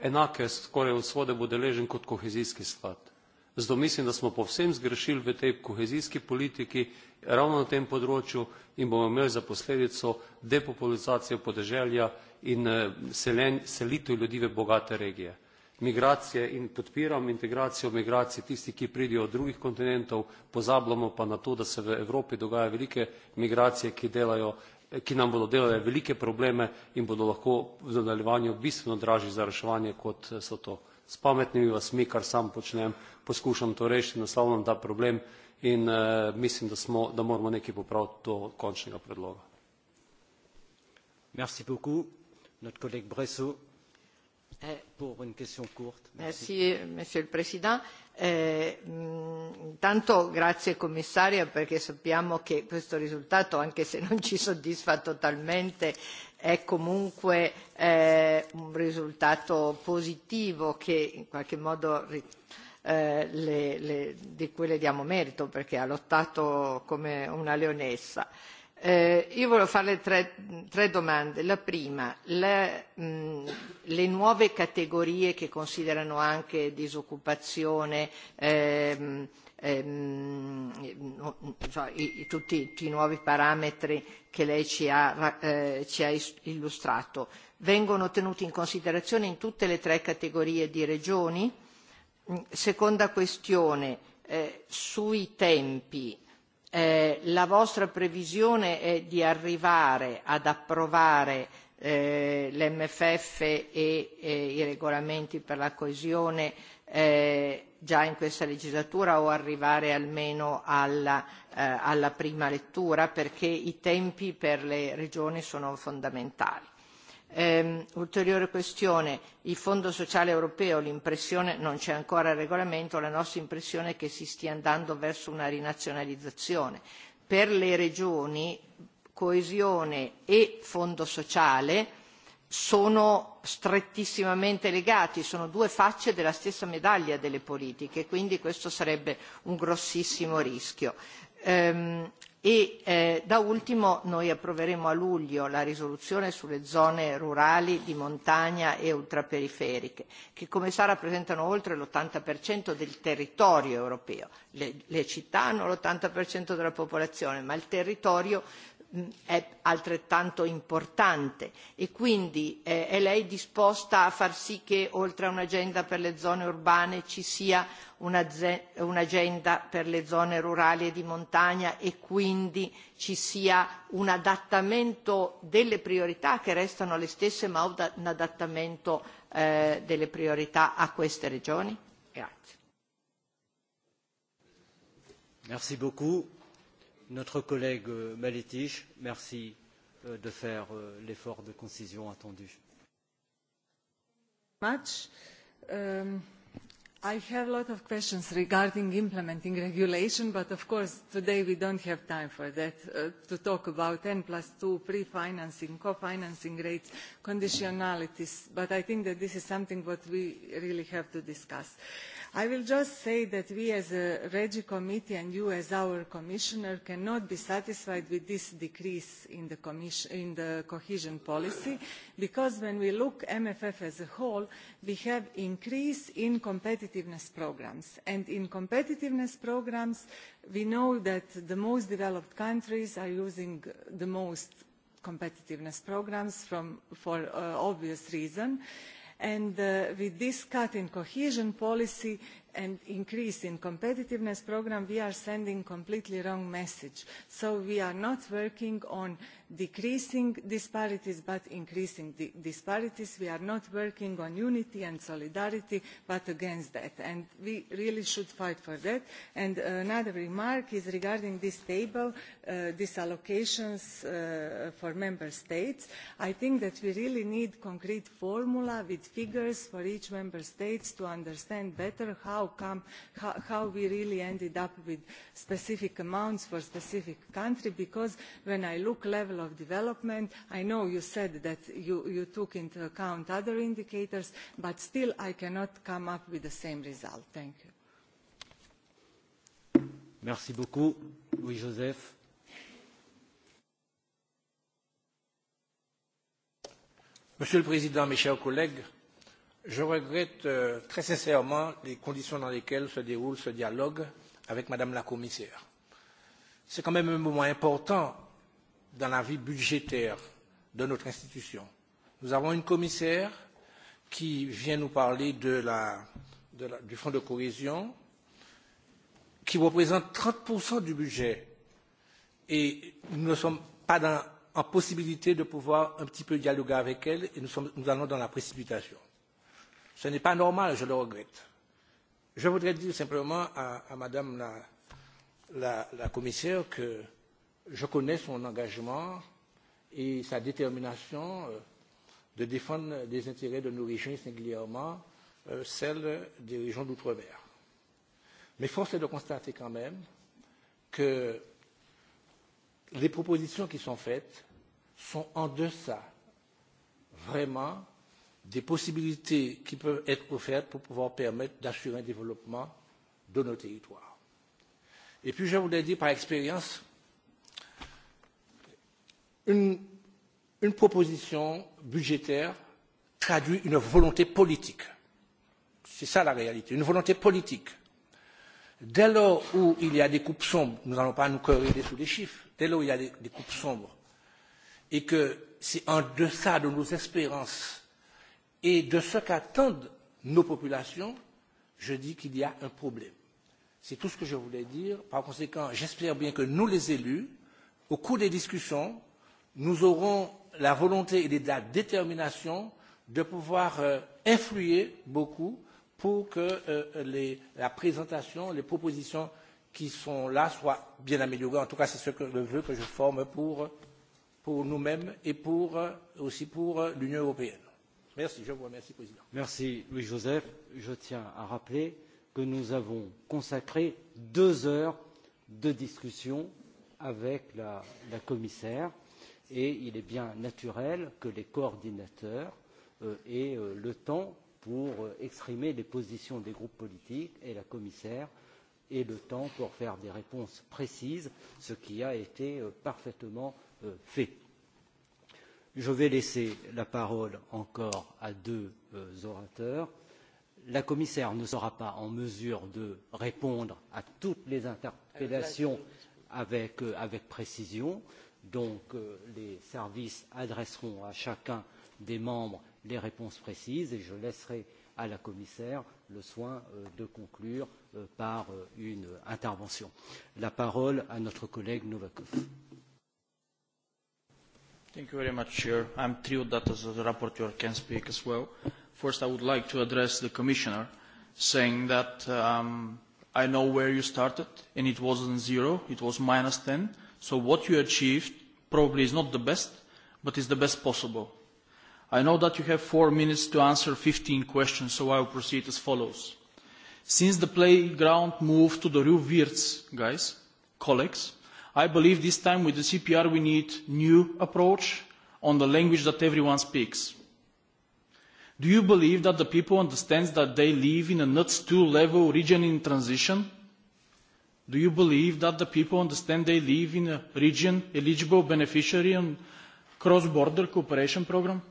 enake skoraj usode bo deležen kot kohezijski sklad Zato mislim, da smo povsem zgrešili v tej kohezijski politiki ravno na tem področju in bomo imeli za posledico depopulizacijo podeželja in eh, selitev ljudi v bogate regije. Migracije in podpiram integracijo migracij tistih, ki pridejo od drugih kontinentov, pozabljamo pa na to, da se v Evropi dogajajo velike migracije, ki delajo eh, ki nam bodo delale velike probleme in bodo lahko v nadaljevanju bistveno dražje za reševanje, kot eh, so to s pametnimi vasmi, kar sam počnem, poskušam to rešiti, naslavljam ta problem in uh, mislim, da, smo, da moramo nekaj popraviti do končnega predloga. Merci beaucoup. Notre collègue Bresso, pour une question courte. Merci, Merci Monsieur le Président. Eh, mm, grazie commissaria perché sappiamo che questo risultato, anche se non ci soddisfa totalmente, è comunque eh, un risultato positivo che in qualche modo eh, le, le, di cui le diamo merito perché ha lottato come una leonessa. Eh, io volevo farle tre, tre domande. La prima, le, mh, le nuove categorie che considerano anche disoccupazione, ehm, ehm, cioè, no, no, so, i, tutti, tutti i nuovi parametri eh, che lei ci ha, eh, ci ha illustrato vengono tenuti in considerazione in tutte le tre categorie di regioni? Mm, seconda questione, eh, sui tempi. Eh, la vostra previsione è di arrivare ad approvare eh, l'MFF e eh, i regolamenti per la coesione eh, già in questa legislatura o arrivare almeno alla, eh, alla prima lettura perché i tempi per le regioni sono fondamentali. Ehm, ulteriore questione, il Fondo sociale europeo, l'impressione, non c'è ancora il regolamento, la nostra impressione è che si stia andando verso una rinazionalizzazione. Per le regioni coesione e fondo sociale sono strettissimamente legati, sono due facce della stessa medaglia delle politiche, quindi questo sarebbe un grossissimo rischio. Ehm, e eh, da ultimo noi approveremo a luglio la risoluzione sulle zone rurali di montagna e ultraperiferiche, che come sa rappresentano oltre l'80% del territorio europeo. Le, le città hanno l'80% della popolazione, ma il territorio è altrettanto importante e quindi eh, è lei disposta a far sì che oltre a un'agenda per le zone urbane ci sia un'agenda per le zone rurali e di montagna e quindi ci sia un adattamento delle priorità che restano le stesse ma un adattamento eh, delle priorità a queste regioni? Grazie. Merci beaucoup notre collègue euh, Maletich, merci euh, de faire euh, l'effort de concision attendu. Much. Um... I have a lot of questions regarding implementing regulation, but of course today we don't have time for that, uh, to talk about N plus 2, pre-financing, co-financing rates, conditionalities, but I think that this is something what we really have to discuss. I will just say that we as a REGI committee and you as our commissioner cannot be satisfied with this decrease in the, commission, in the cohesion policy because when we look MFF as a whole, we have increase in competitiveness competitiveness programmes and in competitiveness programmes we know that the most developed countries are using the most competitiveness programmes for uh, obvious reasons and uh, with this cut in cohesion policy and increase in competitiveness programme we are sending a completely wrong message. so we are not working on decreasing disparities but increasing disparities. we are not working on unity and solidarity but against that and we really should fight for that. And another remark is regarding this table these uh, allocations uh, for member states. i think that we really need concrete formula with figures for each member state to understand better how, how we really ended up with specific amounts for specific country because when i look level level of development. I know you said that you, took into account other indicators, but still I cannot come up with the same result. Thank you. Monsieur le Président, mes chers collègues, je regrette euh, très sincèrement les conditions dans lesquelles se déroule ce dialogue avec mme la Commissaire. C'est quand même un moment important dans la vie budgétaire de notre institution. Nous avons une commissaire qui vient nous parler de la, de la, du fonds de cohésion, qui représente 30% du budget. Et nous ne sommes pas dans, en possibilité de pouvoir un petit peu dialoguer avec elle et nous, sommes, nous allons dans la précipitation. Ce n'est pas normal, je le regrette. Je voudrais dire simplement à, à Madame la, la, la commissaire que euh, je connais son engagement et sa détermination euh, de défendre les intérêts de nos régions, singulièrement euh, celles des régions d'outre-mer. Mais force est de constater quand même que les propositions qui sont faites sont en deçà vraiment des possibilités qui peuvent être offertes pour pouvoir permettre d'assurer un développement de nos territoires. Et puis je voulais dire par expérience une, une proposition budgétaire traduit une volonté politique. C'est ça la réalité, une volonté politique. Dès lors où il y a des coupes sombres, nous n'allons pas nous corréler sous les chiffres, dès lors où il y a des, des coupes sombres et que c'est en deçà de nos espérances et de ce qu'attendent nos populations, je dis qu'il y a un problème. C'est tout ce que je voulais dire. Par conséquent, j'espère bien que nous, les élus, au cours des discussions, nous aurons la volonté et la détermination de pouvoir euh, influer beaucoup pour que euh, les, la présentation, les propositions qui sont là soient bien améliorées. En tout cas, c'est ce que le vœu que je forme pour, pour nous-mêmes et pour, euh, aussi pour euh, l'Union européenne. Merci, je vous remercie, Président. Merci, Louis-Joseph. Je tiens à rappeler que nous avons consacré deux heures de discussion avec la, la commissaire et il est bien naturel que les coordinateurs euh, aient euh, le temps pour euh, exprimer les positions des groupes politiques et la commissaire ait le temps pour faire des réponses précises, ce qui a été euh, parfaitement euh, fait. Je vais laisser la parole encore à deux euh, orateurs. La commissaire ne sera pas en mesure de répondre à toutes les interpellations avec, euh, avec précision. Euh, Donc euh, les services adresseront à chacun des membres les réponses précises et je laisserai à la commissaire le soin euh, de conclure euh, par euh, une intervention. La parole à notre collègue Novakov. Thank you very much, Chair. I'm thrilled that as a rapporteur can speak as well. First, I would like to address the Commissioner, saying that um, I know where you started, and it wasn't zero, it was minus 10. So what you achieved probably is not the best, but is the best possible. I know that you have four minutes to answer 15 questions, so I will proceed as follows. Since the playground moved to the Rue Wirtz, guys, colleagues, I believe this time with the CPR we need new approach on the language that everyone speaks. Do you believe that the people understand that they live in a nuts two level region in transition Do you believe that the people understand they live in a region eligible beneficiary on cross-border cooperation program?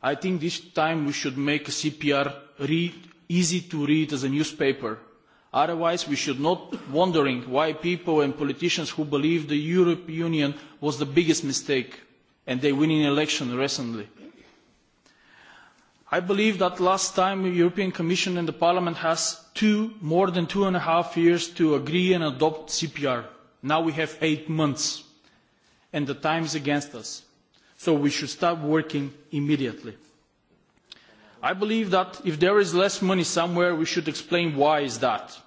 I think this time we should make CPR read, easy to read as a newspaper. Otherwise, we should not wondering why people and politicians who believe the European Union was the biggest mistake and they winning election recently. I believe that last time the European Commission and the Parliament has two, more than two and a half years to agree and adopt CPR. Now we have eight months, and the time is against us. So we should start working immediately. I believe that if there is less money somewhere, we should explain why is that.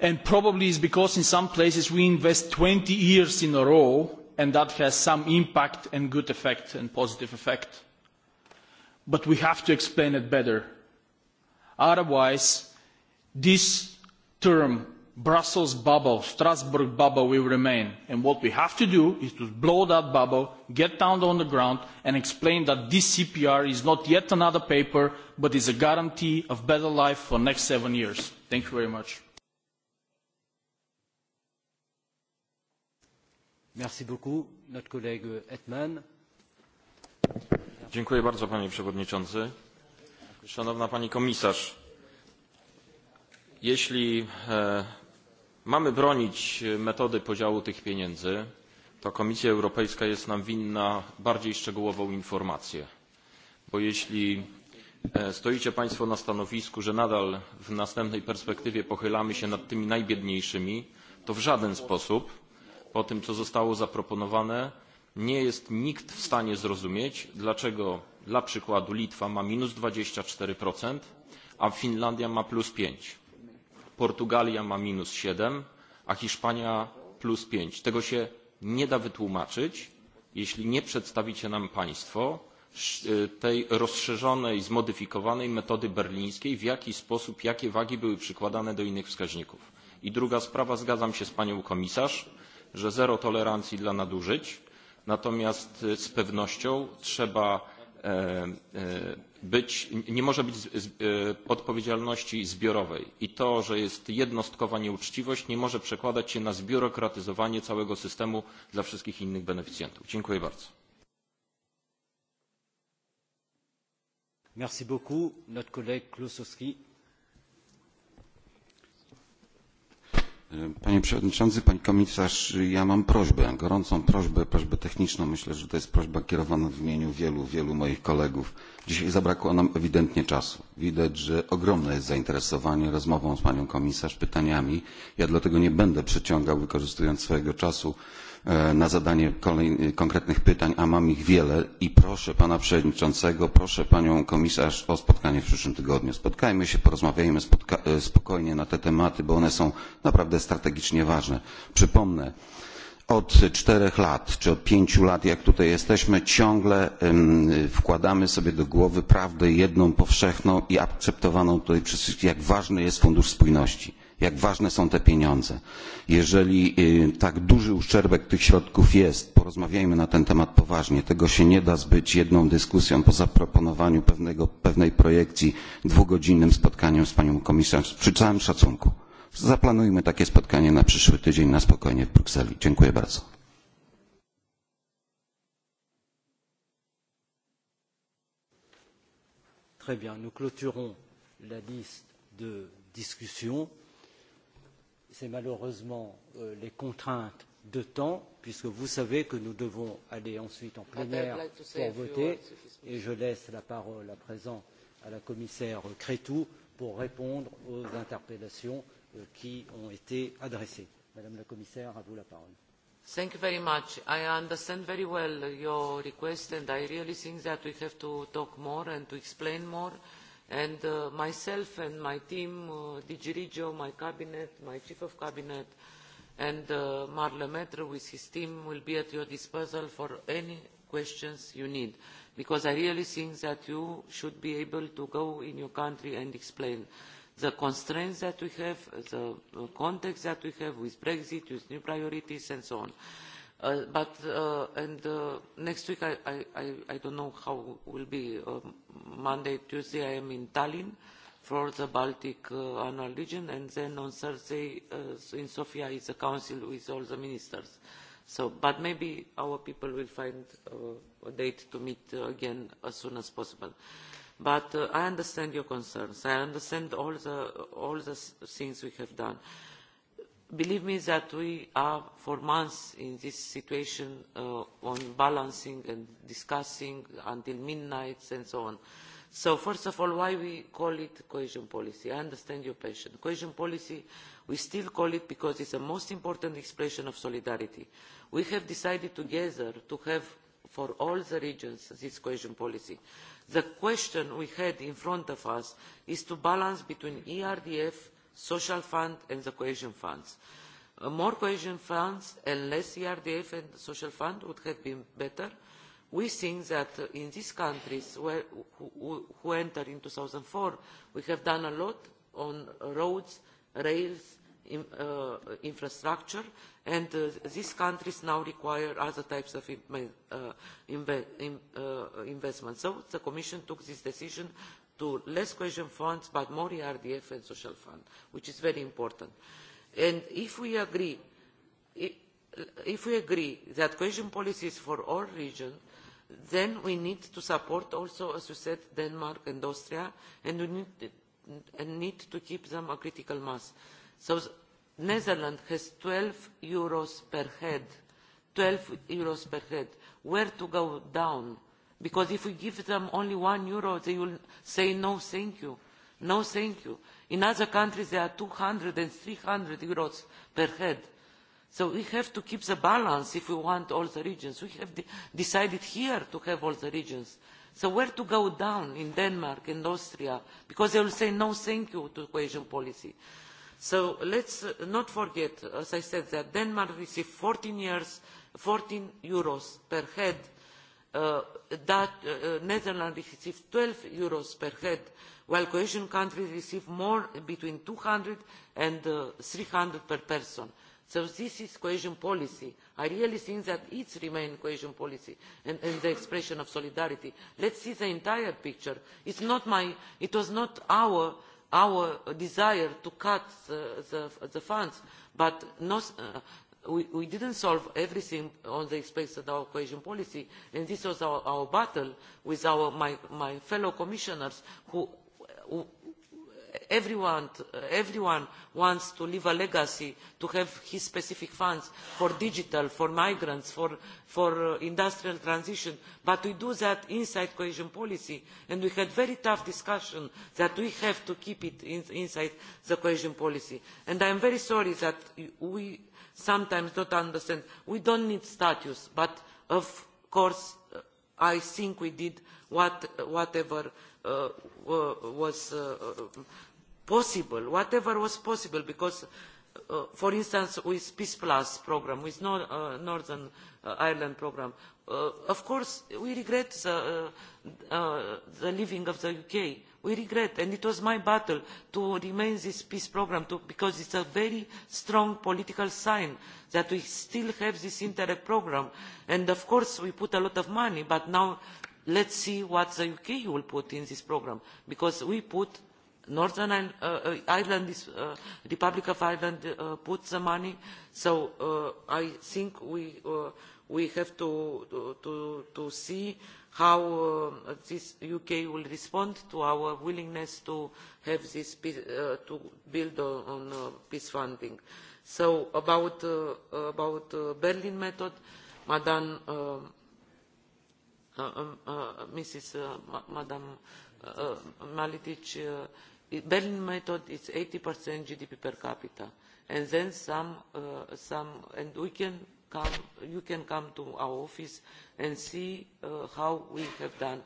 And probably it's because in some places we invest 20 years in a row, and that has some impact and good effect and positive effect but we have to explain it better. Otherwise, this term, Brussels bubble, Strasbourg bubble, will remain. And what we have to do is to blow that bubble, get down on the ground, and explain that this CPR is not yet another paper, but is a guarantee of better life for the next seven years. Thank you very much. Merci beaucoup, notre collègue Hetman panie przewodniczący. Szanowna pani komisarz, jeśli e, mamy bronić metody podziału tych pieniędzy, to Komisja Europejska jest nam winna bardziej szczegółową informację. Bo jeśli e, stoicie Państwo na stanowisku, że nadal w następnej perspektywie pochylamy się nad tymi najbiedniejszymi, to w żaden sposób po tym, co zostało zaproponowane, nie jest nikt w stanie zrozumieć, dlaczego dla przykładu Litwa ma minus 24%, a Finlandia ma plus 5. Portugalia ma minus 7, a Hiszpania plus 5. Tego się nie da wytłumaczyć, jeśli nie przedstawicie nam Państwo tej rozszerzonej, zmodyfikowanej metody berlińskiej, w jaki sposób, jakie wagi były przykładane do innych wskaźników. I druga sprawa, zgadzam się z panią komisarz, że zero tolerancji dla nadużyć Natomiast z pewnością trzeba e, e, być, nie może być e, odpowiedzialności zbiorowej i to, że jest jednostkowa nieuczciwość nie może przekładać się na zbiurokratyzowanie całego systemu dla wszystkich innych beneficjentów. Dziękuję bardzo. E, panie Przewodniczący, Pani Komisarz, ja mam prośbę, gorącą prośbę, prośbę techniczną. Myślę, że to jest prośba kierowana w imieniu wielu, wielu moich kolegów. Dzisiaj zabrakło nam ewidentnie czasu. Widać, że ogromne jest zainteresowanie rozmową z Panią Komisarz, pytaniami. Ja dlatego nie będę przeciągał, wykorzystując swojego czasu. E, na zadanie konkretnych pytań, a mam ich wiele i proszę pana przewodniczącego, proszę panią komisarz o spotkanie w przyszłym tygodniu. Spotkajmy się, porozmawiajmy e, spokojnie na te tematy, bo one są naprawdę strategicznie ważne. Przypomnę, od czterech lat czy od pięciu lat jak tutaj jesteśmy ciągle wkładamy sobie do głowy prawdę jedną powszechną i akceptowaną tutaj przez wszystkich jak ważny jest fundusz spójności jak ważne są te pieniądze. Jeżeli tak duży uszczerbek tych środków jest, porozmawiajmy na ten temat poważnie. Tego się nie da zbyć jedną dyskusją po zaproponowaniu pewnego, pewnej projekcji dwugodzinnym spotkaniem z panią komisarz. Przy całym szacunku. Zaplanujmy takie spotkanie na przyszły tydzień na spokojnie w Brukseli. Dziękuję bardzo. Très bien, nous clôturons la liste de discussions c'est malheureusement euh, les contraintes de temps, puisque vous savez que nous devons aller ensuite en plénière pour voter, euh, et je laisse la parole à présent à la commissaire Crétou pour répondre aux interpellations euh, qui ont été adressées. Madame la commissaire, à vous la parole. Thank you very much. I understand very well your request and I really think that we have to talk more and to explain more. And uh, myself and my team, uh, Digirigio, my cabinet, my chief of cabinet, and uh, Marc Lemaitre with his team will be at your disposal for any questions you need, because I really think that you should be able to go in your country and explain the constraints that we have, the context that we have with Brexit, with new priorities, and so on. Uh, but uh, and uh, next week I, I, I, I don't know how will be uh, Monday, Tuesday I am in Tallinn for the Baltic uh, annual region and then on Thursday uh, in Sofia is a council with all the ministers. So, but maybe our people will find uh, a date to meet uh, again as soon as possible. But uh, I understand your concerns. I understand all the, all the things we have done. Uh, believe me that we are for months in this situation uh, on balancing and discussing until midnight and so on. So first of all, why we call it cohesion policy? I understand your passion. Cohesion policy, we still call it because it's the most important expression of solidarity. We have decided together to have for all the regions this cohesion policy. The question we had in front of us is to balance between ERDF social fund and the cohesion funds. Uh, more cohesion funds and less ERDF and social fund would have been better. We think that uh, in these countries where, who, who entered in 2004, we have done a lot on roads, rails, in, uh, infrastructure, and uh, these countries now require other types of uh, uh, investment. So the Commission took this decision to less cohesion funds but more erdf and social fund which is very important and if we agree if we agree that cohesion policy is for all regions then we need to support also as you said denmark and austria and we need, and need to keep them a critical mass so netherlands has 12 euros per head 12 euros per head where to go down Because if we give them only one euro, they will say, no, thank you. No, thank you. In other countries, there are 200 and 300 euros per head. So we have to keep the balance if we want all the regions. We have de decided here to have all the regions. So where to go down in Denmark and Austria? Because they will say no thank you to cohesion policy. So let's uh, not forget, as I said, that Denmark received 14, years, 14 euros per head Uh, that uh, uh Netherlands receives 12 euros per head, while cohesion countries receive more between 200 and uh, 300 per person. So this is cohesion policy. I really think that it's remain cohesion policy and, and the expression of solidarity. Let's see the entire picture. It's not my, it was not our, our desire to cut the, the, the funds, but not, uh, we, didn't solve everything on the space of our cohesion policy, and this was our, our battle with our, my, my fellow commissioners, who, who everyone, everyone wants to leave a legacy, to have his specific funds for digital, for migrants, for, for industrial transition, but we do that inside cohesion policy, and we had very tough discussion that we have to keep it in, inside the cohesion policy. And I am very sorry that we sometimes not understand. we do not need statues but of course uh, i think we did what, whatever uh, was uh, possible whatever was possible because uh, for instance with peace plus programme with no, northern uh, ireland programme of course we regret the, the leaving of the uk we regret and it was my battle to remain this peace programme because it is a very strong political sign that we still have this interreg programme and of course we put a lot of money but now let us see what the uk will put in this programme because we put northern ireland uh, uh, the uh, republic of ireland uh, put the money so uh, i think we, we have to, to, to see how the uh, this UK will respond to our willingness to have this uh, to build on, uh, peace funding. So about the about Berlin method, Madam uh, the Mrs. Madam Berlin method is 80% GDP per capita, and then some some, and we can come, you can come to our office and see uh, how we have done.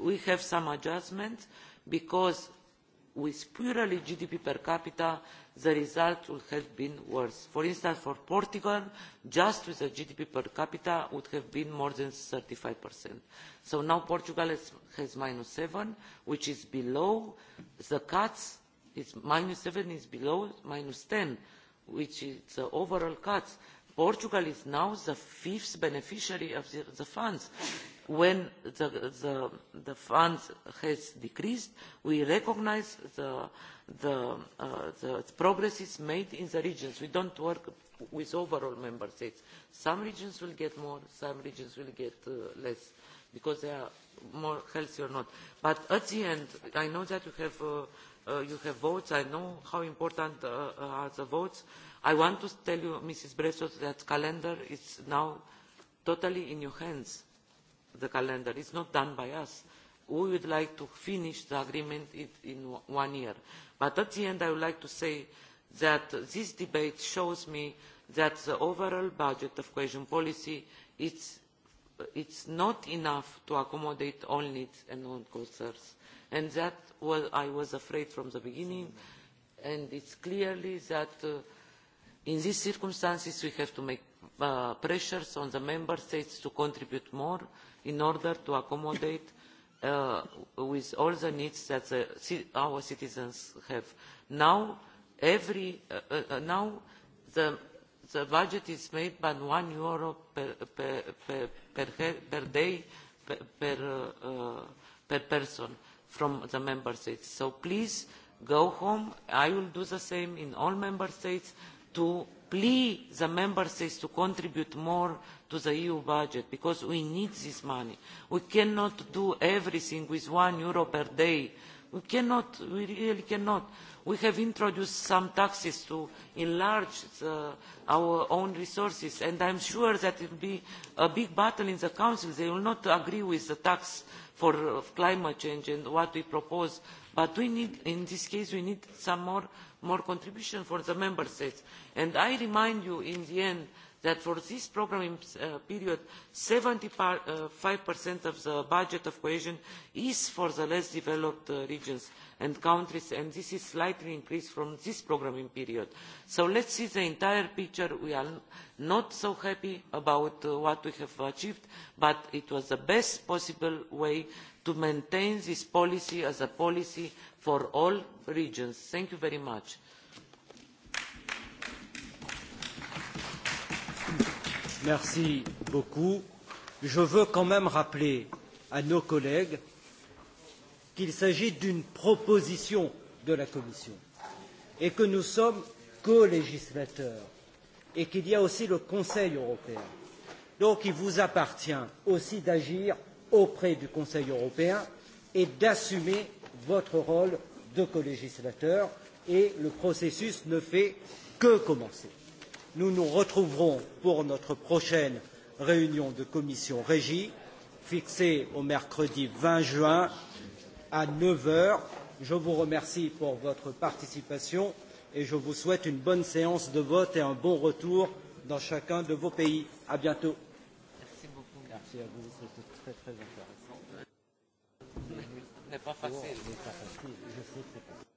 We have some adjustments because with purely GDP per capita, the result would have been worse. For instance, for Portugal, just with the GDP per capita would have been more than 35%. So now Portugal is, has minus 7, which is below the cuts. It's minus 7 is below minus 10, which is the overall cuts portugal is now the fifth beneficiary of the, funds. when the, funds have decreased we recognise uh, the progress made in the regions. we do not work with overall member states. some regions will get more some regions will get uh, less because they are more healthy or not. but at the end i know that you have, uh, votes i know how important are the votes i want to tell you Mrs. bresso that the calendar is now totally in your hands. the calendar is not done by us. we would like to finish the agreement in one year. but at the end i would like to say that this debate shows me that the overall budget of cohesion policy is it's not enough to accommodate all needs and all concerns. And that was, I was afraid from the beginning, and it's clearly that uh, in these circumstances we have to make uh, pressures on the member states to contribute more in order to accommodate uh, with all the needs that the, our citizens have. now, every, uh, uh, uh, now the, the budget is made by one euro per, per, per, per day uh, per person from the member states. so please go home. i will do the same in all member states to plea the member states to contribute more to the eu budget because we need this money. we cannot do everything with one euro per day. we cannot we really cannot. we have introduced some taxes to enlarge the, our own resources and i am sure that it will be a big battle in the council. they will not agree with the tax for climate change and what we propose but in this case we need some more, more contribution from the member states. and i remind you in the end that that for this programming uh, period, 75% five of the budget of cohesion is for the less developed uh, regions and countries, and this is slightly increased from this programming period. So let's see the entire picture. We are not so happy about uh, what we have achieved, but it was the best possible way to maintain this policy as a policy for all regions. Thank you very much. Merci beaucoup. Je veux quand même rappeler à nos collègues qu'il s'agit d'une proposition de la Commission et que nous sommes co-législateurs et qu'il y a aussi le Conseil européen. Donc il vous appartient aussi d'agir auprès du Conseil européen et d'assumer votre rôle de co-législateur et le processus ne fait que commencer nous nous retrouverons pour notre prochaine réunion de commission régie fixée au mercredi 20 juin à 9 heures. Je vous remercie pour votre participation et je vous souhaite une bonne séance de vote et un bon retour dans chacun de vos pays. À bientôt. Merci beaucoup. Merci à vous, c'était très très intéressant. Ce n'est pas facile. Ce